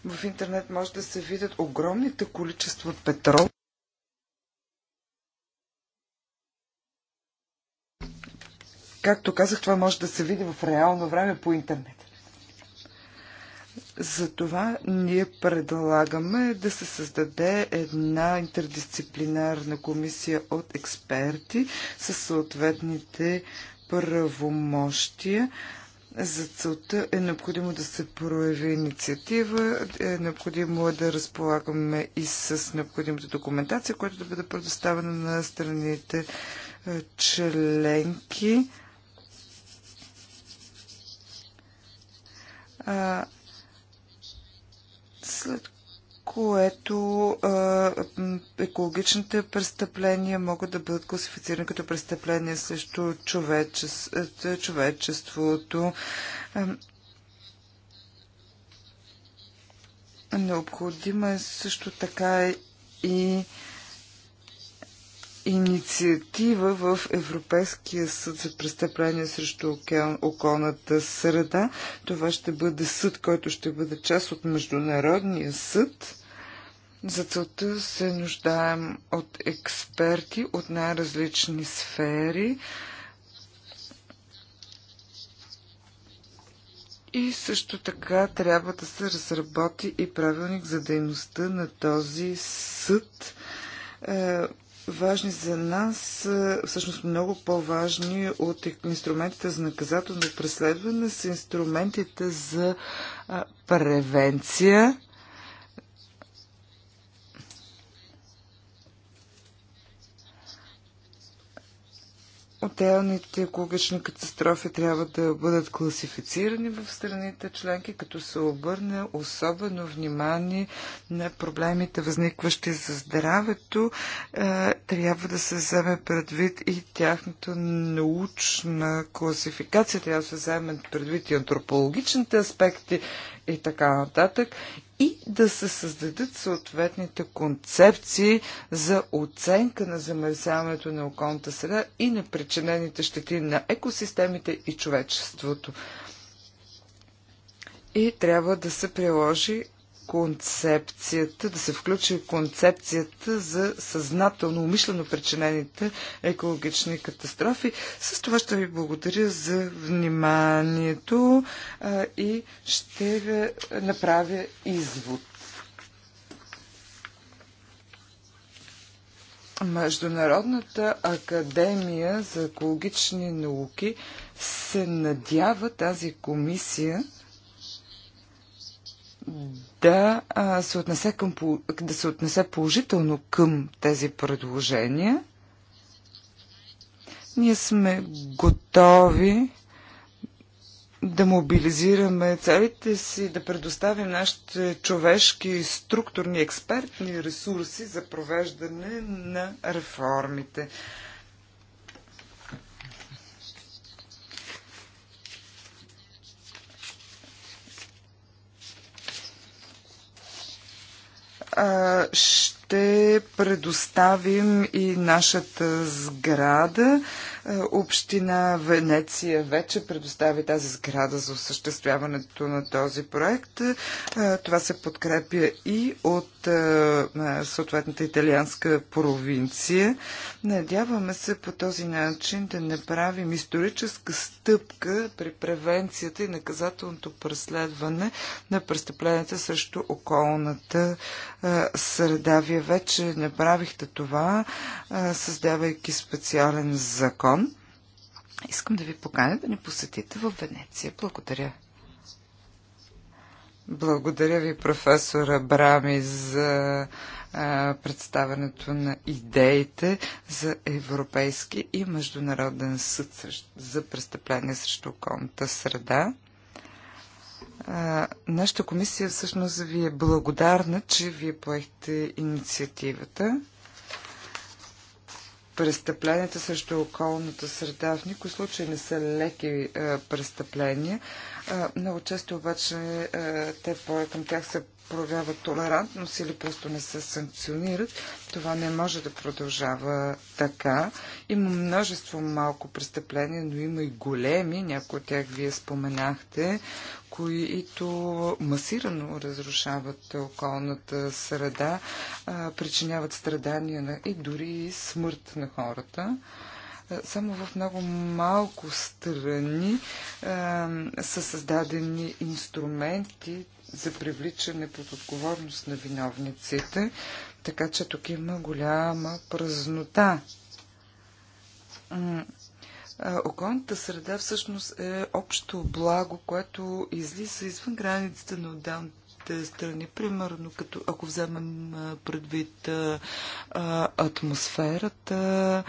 В интернет може да се видят огромните количества петрол. Както казах, това може да се види в реално време по интернет. Затова ние предлагаме да се създаде една интердисциплинарна комисия от експерти с съответните правомощия. За целта е необходимо да се прояви инициатива, е необходимо е да разполагаме и с необходимата документация, която да бъде предоставена на страните е, членки. а, след което а, екологичните престъпления могат да бъдат класифицирани като престъпления срещу човече, е, човечеството. А, необходима е също така и а, инициатива в Европейския съд за престъпление срещу околната среда. Това ще бъде съд, който ще бъде част от Международния съд. За целта се нуждаем от експерти от най-различни сфери. И също така трябва да се разработи и правилник за дейността на този съд е, важни за нас, е, всъщност много по-важни от инструментите за наказателно преследване, са инструментите за превенция Отделните екологични катастрофи трябва да бъдат класифицирани в страните членки, като се обърне особено внимание на проблемите, възникващи за здравето. Е, трябва да се вземе предвид и тяхната научна класификация. Трябва да се вземе предвид и антропологичните аспекти и така нататък и да се създадат съответните концепции за оценка на замърсяването на околната среда и на причинените щети на екосистемите и човечеството. И трябва да се приложи концепцията, да се включи концепцията за съзнателно, умишлено причинените екологични катастрофи. С това ще ви благодаря за вниманието а, и ще ви направя извод. Международната академия за екологични науки се надява тази комисия да се отнесе, към, да се отнесе положително към тези предложения. Ние сме готови да мобилизираме целите си, да предоставим нашите човешки, структурни, експертни ресурси за провеждане на реформите. ще предоставим и нашата сграда е, община Венеция вече предостави тази сграда за осъществяването на този проект. Е, това се подкрепя и от е, съответната италианска провинция. Надяваме се по този начин да направим историческа стъпка при превенцията и наказателното преследване на престъпленията срещу околната среда. Вие вече направихте това, създавайки специален закон Кон, искам да ви поканя да ни посетите в Венеция. Благодаря. Благодаря ви, професора Брами, за представянето на идеите за Европейски и Международен съд за престъпление срещу околната среда. Нашата комисия всъщност ви е благодарна, че вие поехте инициативата престъпленията срещу околната среда в никой случай не са леки е, престъпления. Е, много често обаче е, те, към тях се проявяват толерантност или просто не се санкционират. Това не може да продължава така. Има множество малко престъпления, но има и големи, някои от тях вие споменахте, които масирано разрушават околната среда, причиняват страдания и дори смърт на хората само в много малко страни а, са създадени инструменти, за привличане под отговорност на виновниците, така че тук има голяма празнота. Околната среда всъщност е общо благо, което излиза извън границите на отделните страни, примерно като ако вземем предвид атмосферата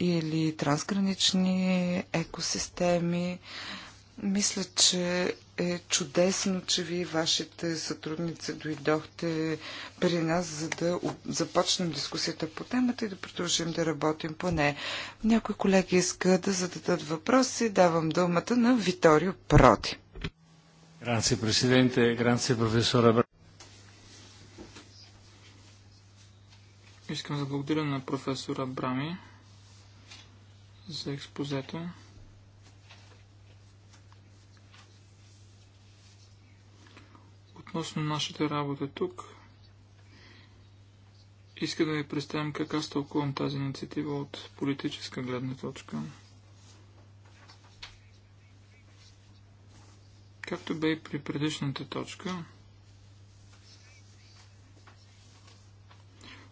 или трансгранични екосистеми, мисля, че е чудесно, че вие вашите сътрудници дойдохте при нас, за да започнем дискусията по темата и да продължим да работим по нея. Някои колеги иска да зададат въпроси. Давам думата на Виторио Проди. Гранци, президенте. гранци, професора. Искам да благодаря на професора Брами за експозето. Относно нашата работа тук, иска да ви представим как аз тълкувам тази инициатива от политическа гледна точка. Както бе и при предишната точка,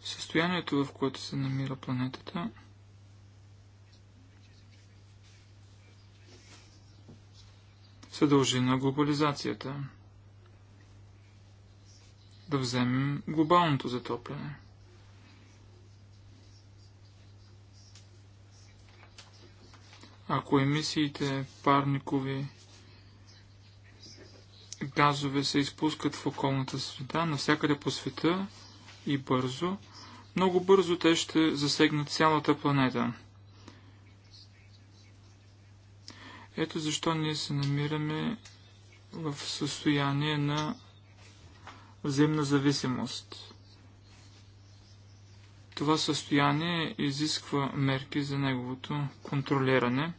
състоянието, в което се намира планетата, се дължи на глобализацията да вземем глобалното затопляне. Ако емисиите парникови газове се изпускат в околната среда, навсякъде по света и бързо, много бързо те ще засегнат цялата планета. Ето защо ние се намираме в състояние на взаимна зависимост. Това състояние изисква мерки за неговото контролиране.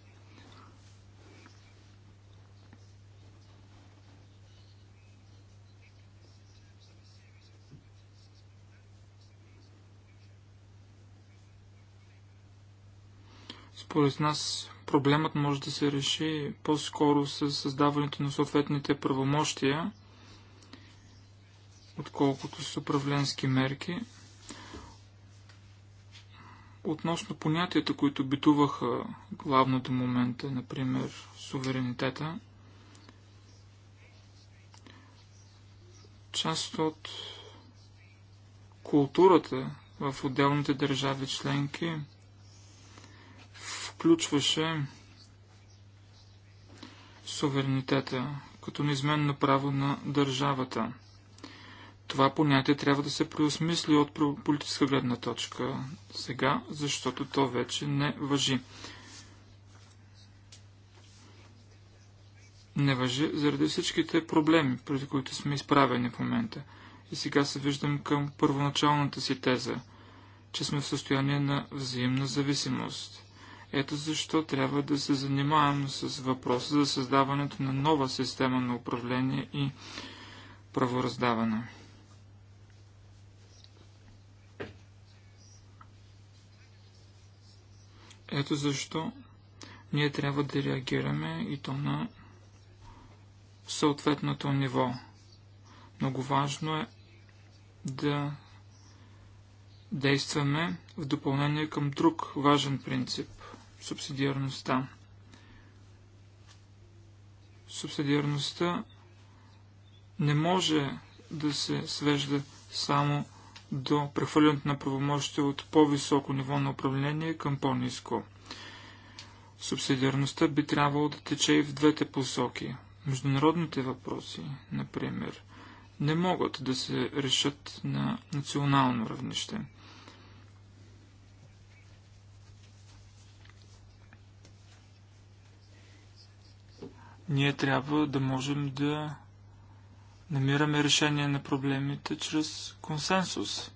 Според нас проблемът може да се реши по-скоро с създаването на съответните правомощия – отколкото с управленски мерки. Относно понятията, които битуваха главно до момента, например суверенитета, част от културата в отделните държави членки включваше суверенитета като неизменно право на държавата – това понятие трябва да се преосмисли от политическа гледна точка сега, защото то вече не въжи. Не въжи заради всичките проблеми, преди които сме изправени в момента. И сега се виждам към първоначалната си теза, че сме в състояние на взаимна зависимост. Ето защо трябва да се занимаваме с въпроса за създаването на нова система на управление и правораздаване. Ето защо ние трябва да реагираме и то на съответното ниво. Много важно е да действаме в допълнение към друг важен принцип – субсидиарността. Субсидиарността не може да се свежда само до прехвърлянето на правомощите от по-високо ниво на управление към по-низко. Субсидиарността би трябвало да тече и в двете посоки. Международните въпроси, например, не могат да се решат на национално равнище. Ние трябва да можем да намираме решение на проблемите чрез консенсус.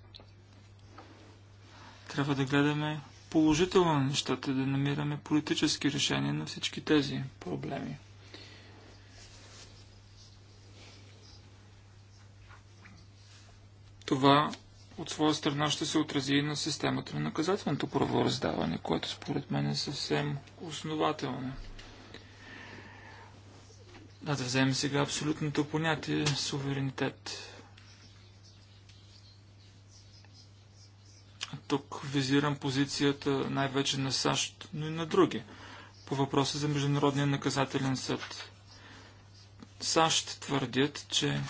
Трябва да гледаме положително на нещата, да намираме политически решения на всички тези проблеми. Това от своя страна ще се отрази и на системата на наказателното правораздаване, което според мен е съвсем основателно. Да, да вземем сега абсолютното понятие суверенитет. Тук визирам позицията най-вече на САЩ, но и на други. По въпроса за Международния наказателен съд. САЩ твърдят, че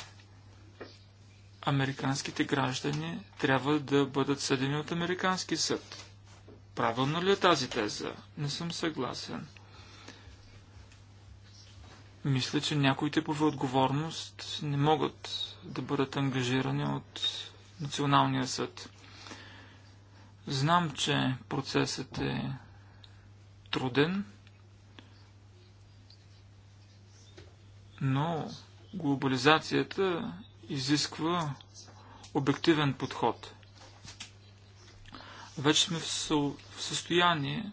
американските граждани трябва да бъдат съдени от американски съд. Правилна ли е тази теза? Не съм съгласен. Мисля, че някои типове отговорност не могат да бъдат ангажирани от Националния съд. Знам, че процесът е труден, но глобализацията изисква обективен подход. Вече сме в, в състояние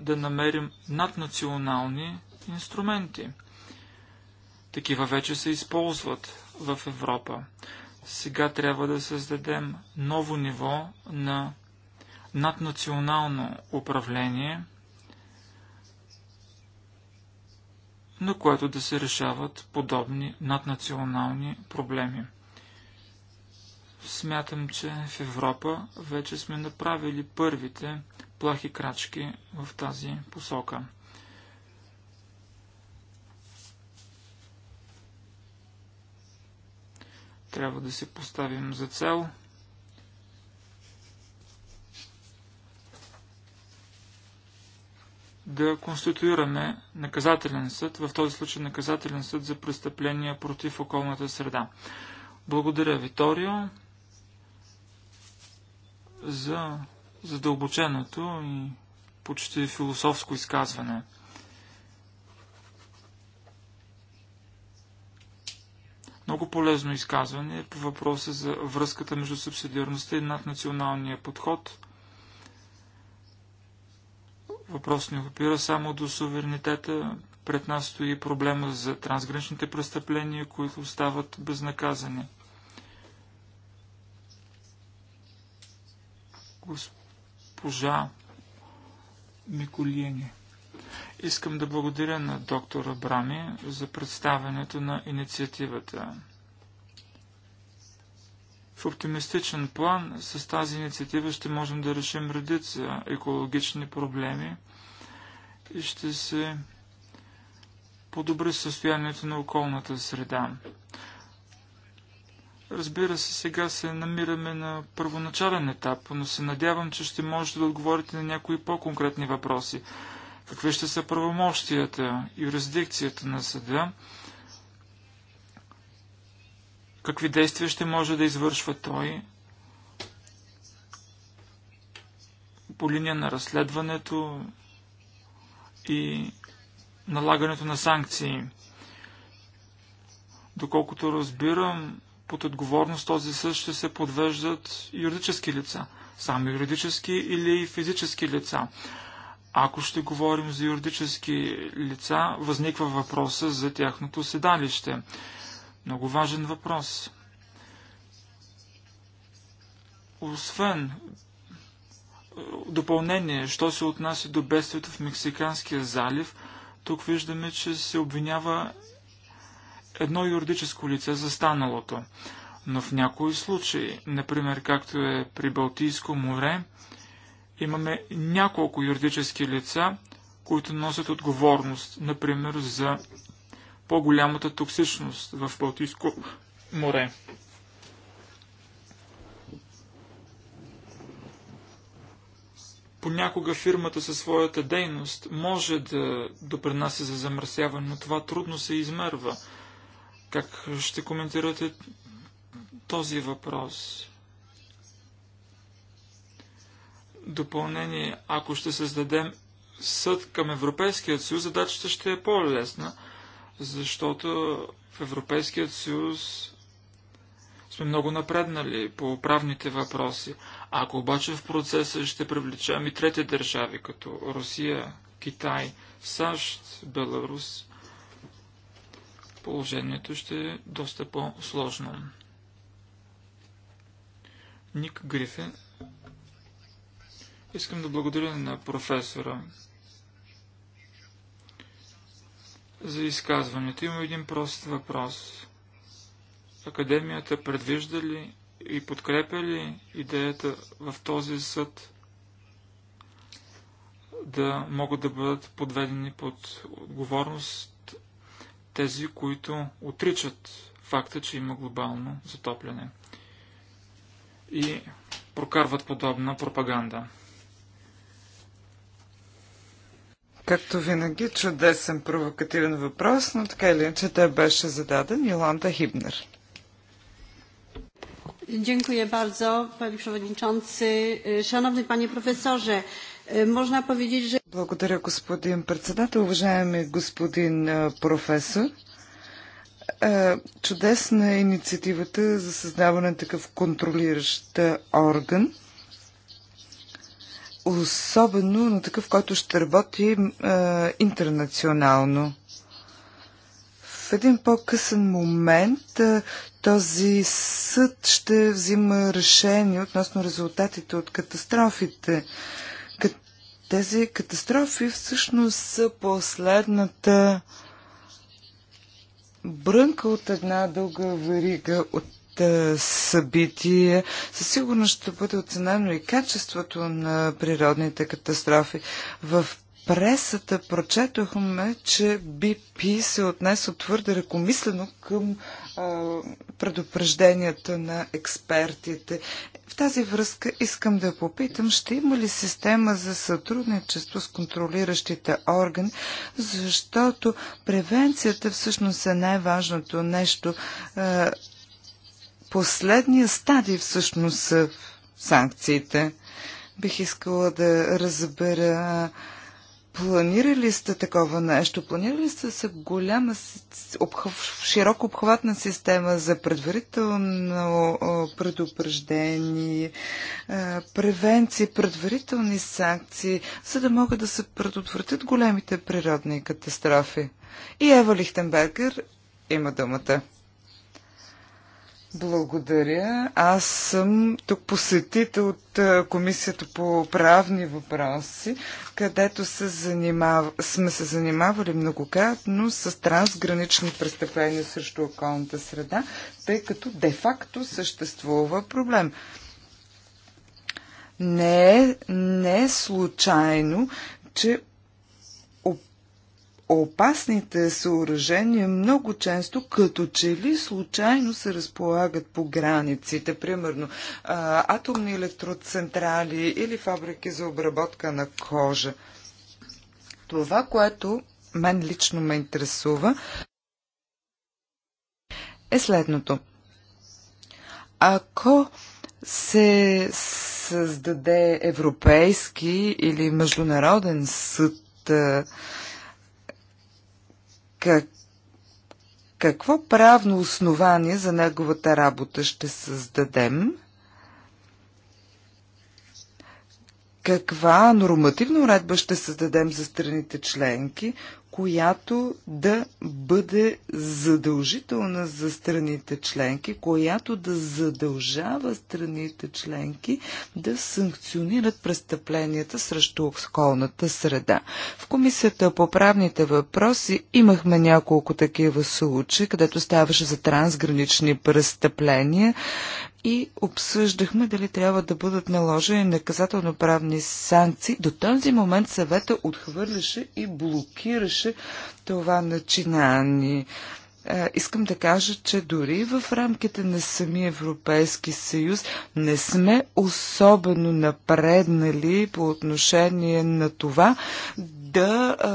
да намерим наднационални инструменти – такива вече се използват в Европа. Сега трябва да създадем ново ниво на наднационално управление, на което да се решават подобни наднационални проблеми. Смятам, че в Европа вече сме направили първите плахи крачки в тази посока. Трябва да се поставим за цел да конституираме наказателен съд, в този случай наказателен съд за престъпления против околната среда. Благодаря, Виторио, за задълбоченото и почти философско изказване. Много полезно изказване по въпроса за връзката между субсидиарността и наднационалния подход. Въпрос не опира само до суверенитета. Пред нас стои проблема за трансграничните престъпления, които остават безнаказани. Госпожа Миколиене. Искам да благодаря на доктора Брами за представянето на инициативата. В оптимистичен план с тази инициатива ще можем да решим редица екологични проблеми и ще се подобри състоянието на околната среда. Разбира се, сега се намираме на първоначален етап, но се надявам, че ще можете да отговорите на някои по-конкретни въпроси какви ще са правомощията, юрисдикцията на съда, какви действия ще може да извършва той по линия на разследването и налагането на санкции. Доколкото разбирам, под отговорност този съд ще се подвеждат юридически лица. Само юридически или физически лица. Ако ще говорим за юридически лица, възниква въпроса за тяхното седалище. Много важен въпрос. Освен е, допълнение, що се отнася до бедствието в Мексиканския залив, тук виждаме, че се обвинява едно юридическо лице за станалото. Но в някои случаи, например както е при Балтийско море, имаме няколко юридически лица, които носят отговорност, например за по-голямата токсичност в Балтийско море. Понякога фирмата със своята дейност може да допринася за замърсяване, но това трудно се измерва. Как ще коментирате този въпрос? допълнение, ако ще създадем съд към Европейският съюз, задачата ще е по-лесна, защото в Европейският съюз сме много напреднали по правните въпроси. Ако обаче в процеса ще привлечем и трети държави, като Русия, Китай, САЩ, Беларус, положението ще е доста по-сложно. Ник Грифе Искам да благодаря на професора за изказването. Има един прост въпрос. Академията предвижда ли и подкрепя ли идеята в този съд да могат да бъдат подведени под отговорност тези, които отричат факта, че има глобално затопляне и прокарват подобна пропаганда. Както винаги, чудесен провокативен въпрос, но така или иначе те беше зададен Иланда Хибнер. Dziękuję bardzo, panie przewodniczący. E, szanowny panie profesorze, e, można powiedzieć, że... Благодаря, господин председател, уважаеми господин професор. Чудесна е инициативата за създаване на такъв контролиращ орган – особено на такъв, който ще работи а, е, интернационално. В един по-късен момент а, е, този съд ще взима решение относно резултатите от катастрофите. Тези катастрофи всъщност са последната брънка от една дълга верига от е, събитие, със сигурност ще бъде оценено и качеството на природните катастрофи. В пресата прочетохме, че BP се отнесе твърде ръкомислено към а, е, предупрежденията на експертите. В тази връзка искам да попитам, ще има ли система за сътрудничество с контролиращите органи, защото превенцията всъщност е най-важното нещо. А, е, последния стадий всъщност са санкциите. Бих искала да разбера планирали сте такова нещо? Планирали сте се голяма, обхъв, широко обхватна система за предварително предупреждение, превенции, предварителни санкции, за да могат да се предотвратят големите природни катастрофи? И Ева Лихтенбергер има думата. Благодаря. Аз съм тук посетител от Комисията по правни въпроси, където се занимав... сме се занимавали многократно с трансгранични престъпления срещу околната среда, тъй като де-факто съществува проблем. Не е, не е случайно, че опасните съоръжения много често като че ли случайно се разполагат по границите, примерно а, атомни електроцентрали или фабрики за обработка на кожа. Това, което мен лично ме интересува, е следното. Ако се създаде европейски или международен съд, как, какво правно основание за неговата работа ще създадем? каква нормативна уредба ще създадем за страните членки, която да бъде задължителна за страните членки, която да задължава страните членки да санкционират престъпленията срещу околната среда. В Комисията по правните въпроси имахме няколко такива случаи, където ставаше за трансгранични престъпления и обсъждахме дали трябва да бъдат наложени наказателно-правни санкции. До този момент съвета отхвърляше и блокираше това начинание. Е, искам да кажа, че дори в рамките на самия Европейски съюз не сме особено напреднали по отношение на това да а,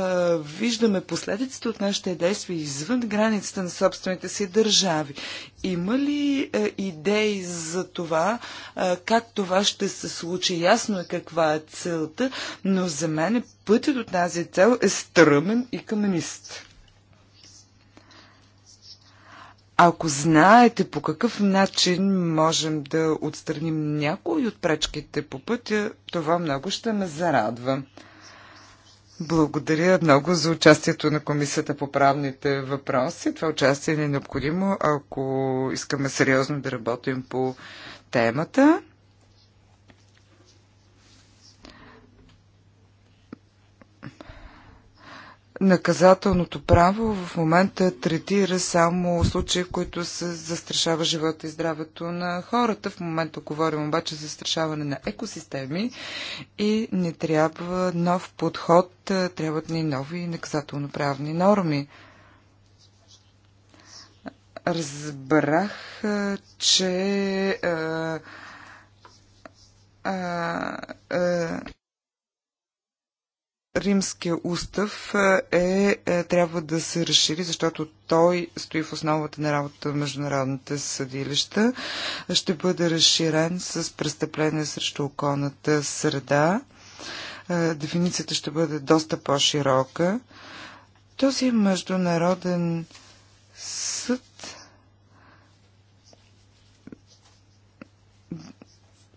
виждаме последиците от нашите действия извън границата на собствените си държави. Има ли а, идеи за това, а, как това ще се случи? Ясно е каква е целта, но за мен пътят от тази цел е стръмен и каменист. Ако знаете по какъв начин можем да отстраним някои от пречките по пътя, това много ще ме зарадва. Благодаря много за участието на Комисията по правните въпроси. Това участие не е необходимо, ако искаме сериозно да работим по темата. наказателното право в момента третира само случаи, които се застрашава живота и здравето на хората. В момента говорим обаче за застрашаване на екосистеми и не трябва нов подход, е, трябват ни нови наказателно-правни норми. Разбрах, е, че а, а, а Римския устав е, е, е, трябва да се разшири, защото той стои в основата на работа в международните съдилища. Ще бъде разширен с престъпление срещу околната среда. Е, дефиницията ще бъде доста по-широка. Този международен съд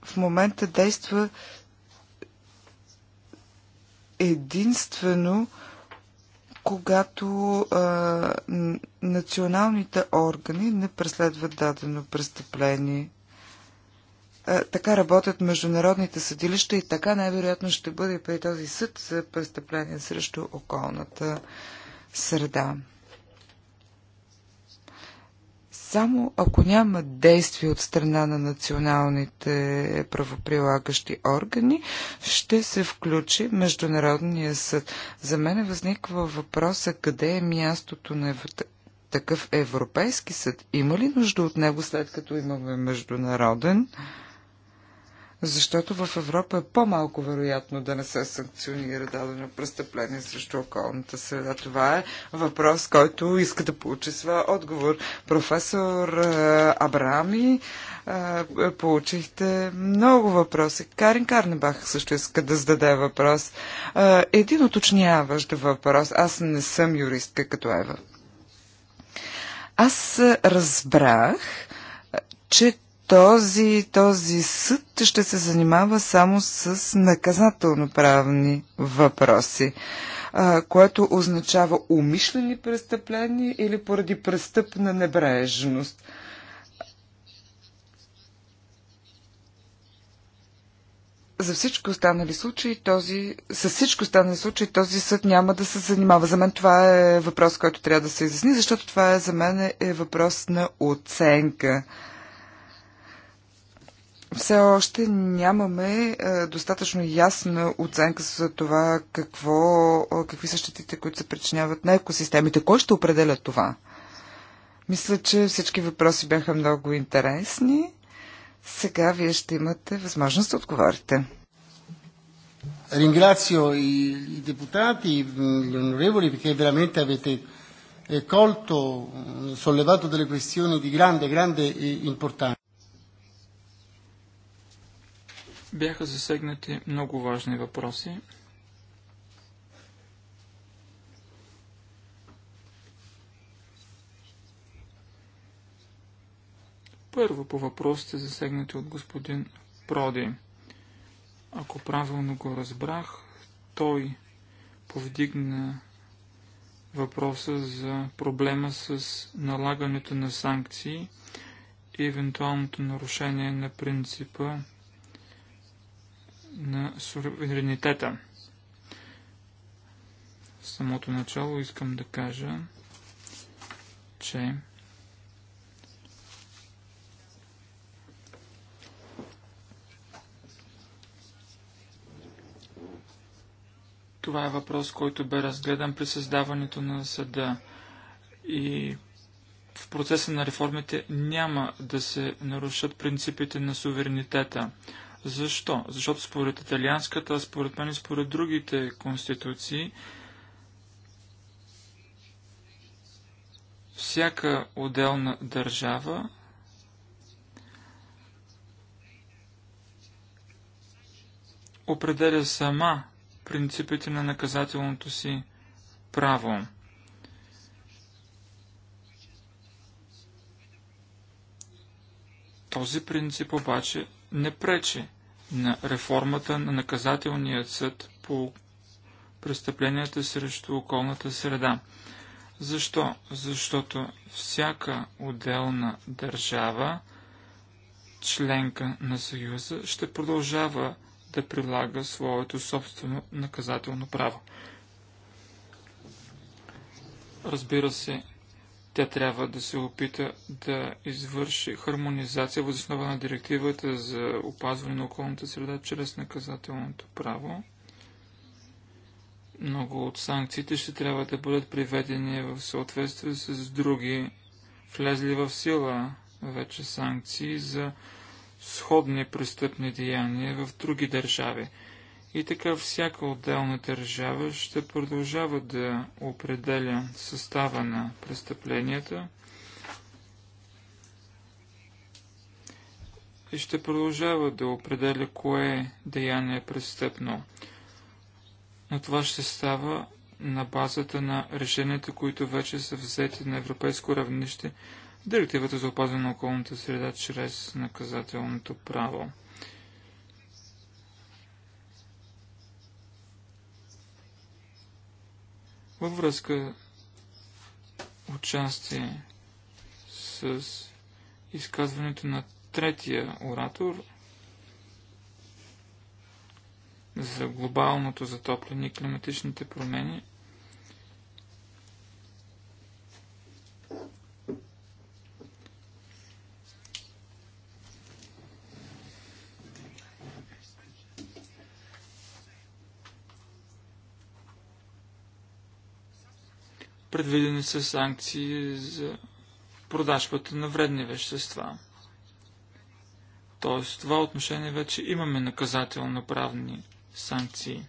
в момента действа единствено когато а, националните органи не преследват дадено престъпление. А, така работят международните съдилища и така най-вероятно ще бъде при този съд за престъпление срещу околната среда. Само ако няма действие от страна на националните правоприлагащи органи, ще се включи Международния съд. За мен възниква въпроса къде е мястото на такъв Европейски съд. Има ли нужда от него след като имаме международен? защото в Европа е по-малко вероятно да не се санкционира дадено престъпление срещу околната среда. Това е въпрос, който иска да получи своя отговор. Професор е, Абрами, е, получихте много въпроси. Карин Карнебах също иска да зададе въпрос. Е, един уточняващ въпрос. Аз не съм юристка като Ева. Аз разбрах, че този, този съд ще се занимава само с наказателно-правни въпроси, а, което означава умишлени престъпления или поради престъпна небрежност. за всички останали случаи този, с всички останали случаи този съд няма да се занимава. За мен това е въпрос, който трябва да се изясни, защото това е, за мен е въпрос на оценка все още нямаме е, достатъчно ясна оценка за това какво, е, какви са щетите, които се причиняват на екосистемите. Кой ще определя това? Мисля, че всички въпроси бяха много интересни. Сега вие ще имате възможност да отговорите. Ringrazio i deputati, gli onorevoli, perché veramente avete eh, colto, eh, sollevato delle questioni di grande, grande eh, importanza. Бяха засегнати много важни въпроси. Първо по въпросите засегнати от господин Проди. Ако правилно го разбрах, той повдигна въпроса за проблема с налагането на санкции и евентуалното нарушение на принципа на суверенитета. В самото начало искам да кажа, че Това е въпрос, който бе разгледан при създаването на съда. И в процеса на реформите няма да се нарушат принципите на суверенитета. Защо? Защото според италианската, а според мен и според другите конституции, всяка отделна държава определя сама принципите на наказателното си право. Този принцип обаче не пречи на реформата на наказателния съд по престъпленията срещу околната среда. Защо? Защото всяка отделна държава, членка на Съюза, ще продължава да прилага своето собствено наказателно право. Разбира се, тя трябва да се опита да извърши хармонизация въз основа на директивата за опазване на околната среда чрез наказателното право. Много от санкциите ще трябва да бъдат приведени в съответствие с други влезли в сила вече санкции за сходни престъпни деяния в други държави – и така всяка отделна държава ще продължава да определя състава на престъпленията и ще продължава да определя кое деяние е престъпно. Но това ще става на базата на решенията, които вече са взети на европейско равнище, директивата за опазване на околната среда чрез наказателното право. във връзка участие с изказването на третия оратор за глобалното затопляне и климатичните промени. Предвидени са санкции за продажбата на вредни вещества. Тоест, в това отношение вече имаме наказателно-правни санкции.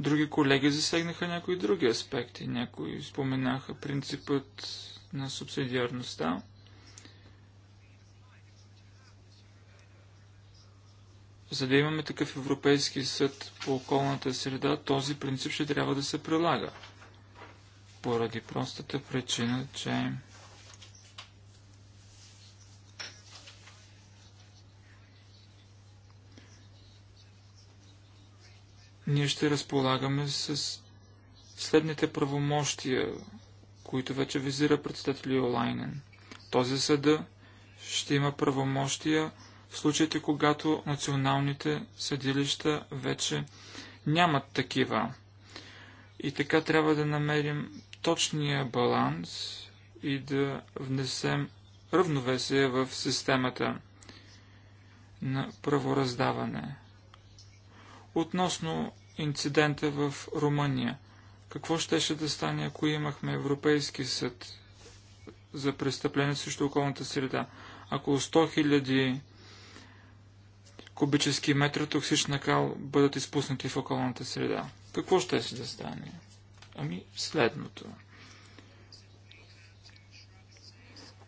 Други колеги засегнаха някои други аспекти. Някои споменаха принципът на субсидиарността. За да имаме такъв Европейски съд по околната среда, този принцип ще трябва да се прилага. Поради простата причина, че ние ще разполагаме с следните правомощия, които вече визира председателя Олайнен. Този съда ще има правомощия в случаите, когато националните съдилища вече нямат такива. И така трябва да намерим точния баланс и да внесем равновесие в системата на правораздаване. Относно инцидента в Румъния, какво щеше да стане, ако имахме Европейски съд за престъпление срещу околната среда? Ако 100 000 кубически метри токсична кал бъдат изпуснати в околната среда. Какво ще се да стане? Ами следното.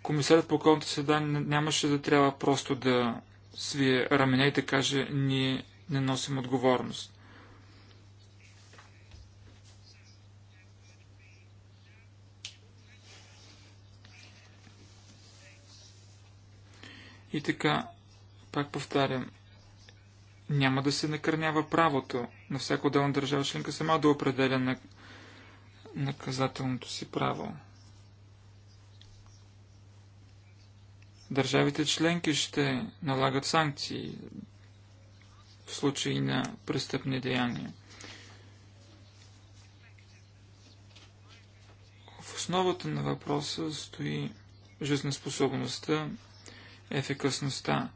Комисарят по околната среда нямаше да трябва просто да свие рамене и да каже ние не носим отговорност. И така, пак повтарям, няма да се накърнява правото на всяко отделна държава членка сама да определя на наказателното си право. Държавите членки ще налагат санкции в случай на престъпни деяния. В основата на въпроса стои жизнеспособността, ефикасността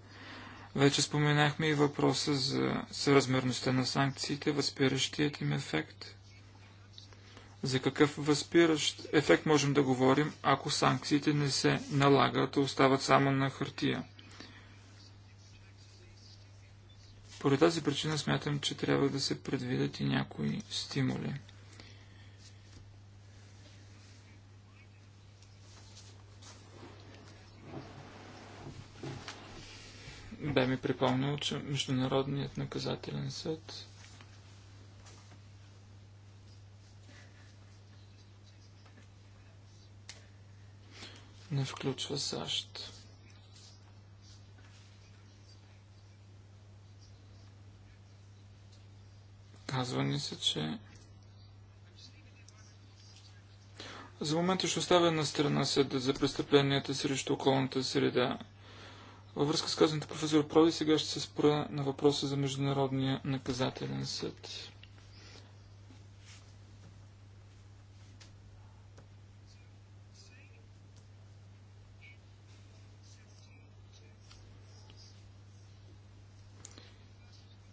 вече споменахме и въпроса за съразмерността на санкциите, възпиращият им ефект. За какъв възпиращ ефект можем да говорим, ако санкциите не се налагат, а остават само на хартия? Поради тази причина смятам, че трябва да се предвидят и някои стимули. бе ми припомнил, че Международният наказателен съд не включва САЩ. Казва ни се, че за момента ще оставя на страна съда за престъпленията срещу околната среда във връзка с казаното професор Проди, сега ще се спра на въпроса за Международния наказателен съд.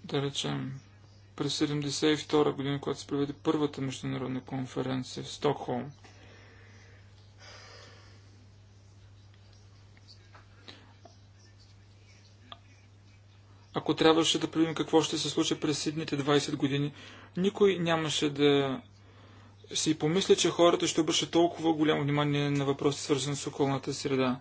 Да речем, през 1972 година, когато се проведе първата международна конференция в Стокхолм – ако трябваше да предвидим какво ще се случи през следните 20 години, никой нямаше да си помисля, че хората ще обръщат толкова голямо внимание на въпроси, свързани с околната среда.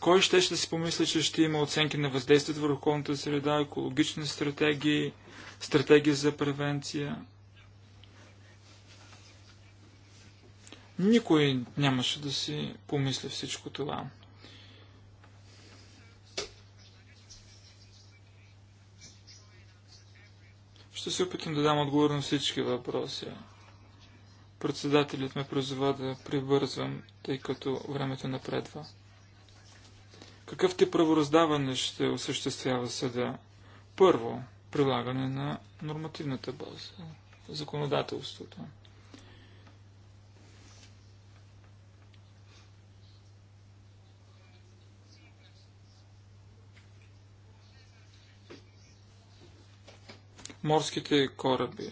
Кой ще ще си помисли, че ще има оценки на въздействието върху околната среда, екологични стратегии, стратегии за превенция? Никой нямаше да си помисли всичко това. Ще се опитам да дам отговор на всички въпроси. Председателят ме призова да прибързвам, тъй като времето напредва. Какъв ти правораздаване ще осъществява съда? Първо, прилагане на нормативната база, законодателството. морските кораби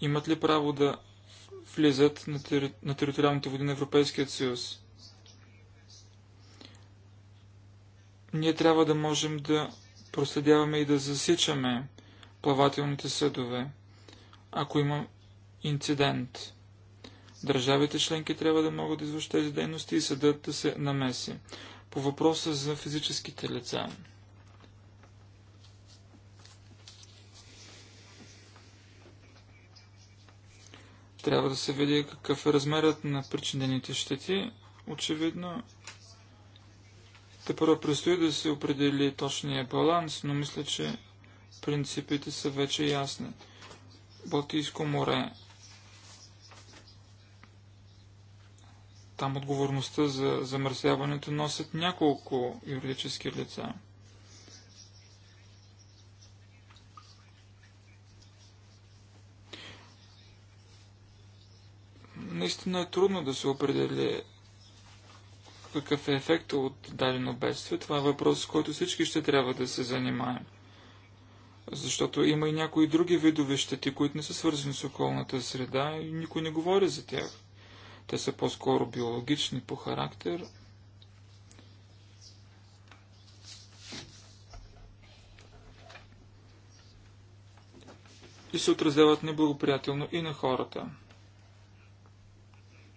имат ли право да влизат на, тери... на териториалните води на Европейския съюз? Ние трябва да можем да проследяваме и да засичаме плавателните съдове, ако има инцидент. Държавите членки трябва да могат да извършат тези дейности и съдът да се намеси. По въпроса за физическите лица. Трябва да се види какъв е размерът на причинените щети. Очевидно, те първо предстои да се определи точния баланс, но мисля, че принципите са вече ясни. Балтийско море. Там отговорността за замърсяването носят няколко юридически лица. наистина е трудно да се определи какъв е ефект от дадено бедствие. Това е въпрос, с който всички ще трябва да се занимаем. Защото има и някои други видове щети, които не са свързани с околната среда и никой не говори за тях. Те са по-скоро биологични по характер. И се отразяват неблагоприятелно и на хората.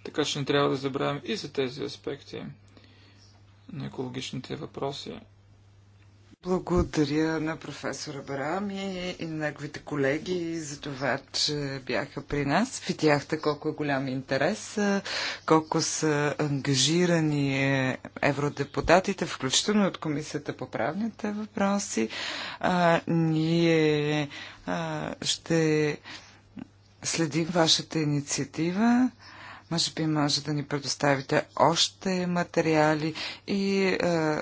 Така че не трябва да забравим и за тези аспекти на екологичните въпроси. Благодаря на професора Барами и неговите колеги за това, че бяха при нас. Видяхте колко е голям интерес, колко са ангажирани евродепутатите, включително от Комисията по правните въпроси. А, ние а, ще следим вашата инициатива. Може би може да ни предоставите още материали и е,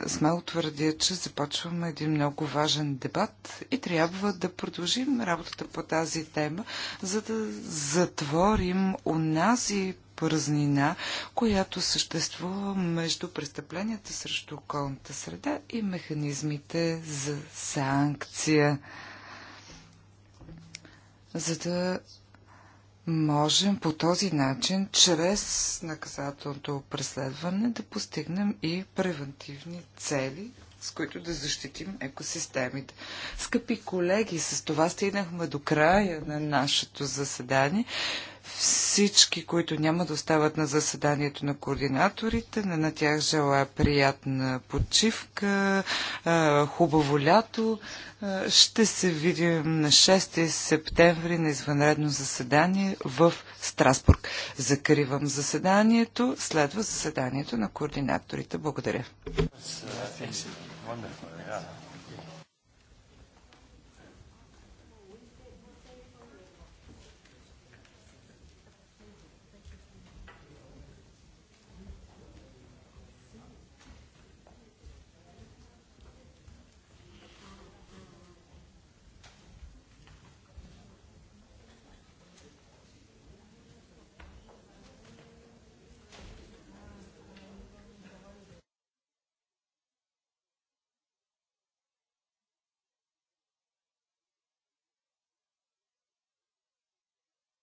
смело твърдя, че започваме един много важен дебат и трябва да продължим работата по тази тема, за да затворим унази празнина, която съществува между престъпленията срещу околната среда и механизмите за санкция. За да можем по този начин, чрез наказателното преследване, да постигнем и превентивни цели, с които да защитим екосистемите. Скъпи колеги, с това стигнахме до края на нашето заседание всички, които няма да остават на заседанието на координаторите. На, на тях желая приятна почивка, хубаво лято. Ще се видим на 6 септември на извънредно заседание в Страсбург. Закривам заседанието. Следва заседанието на координаторите. Благодаря.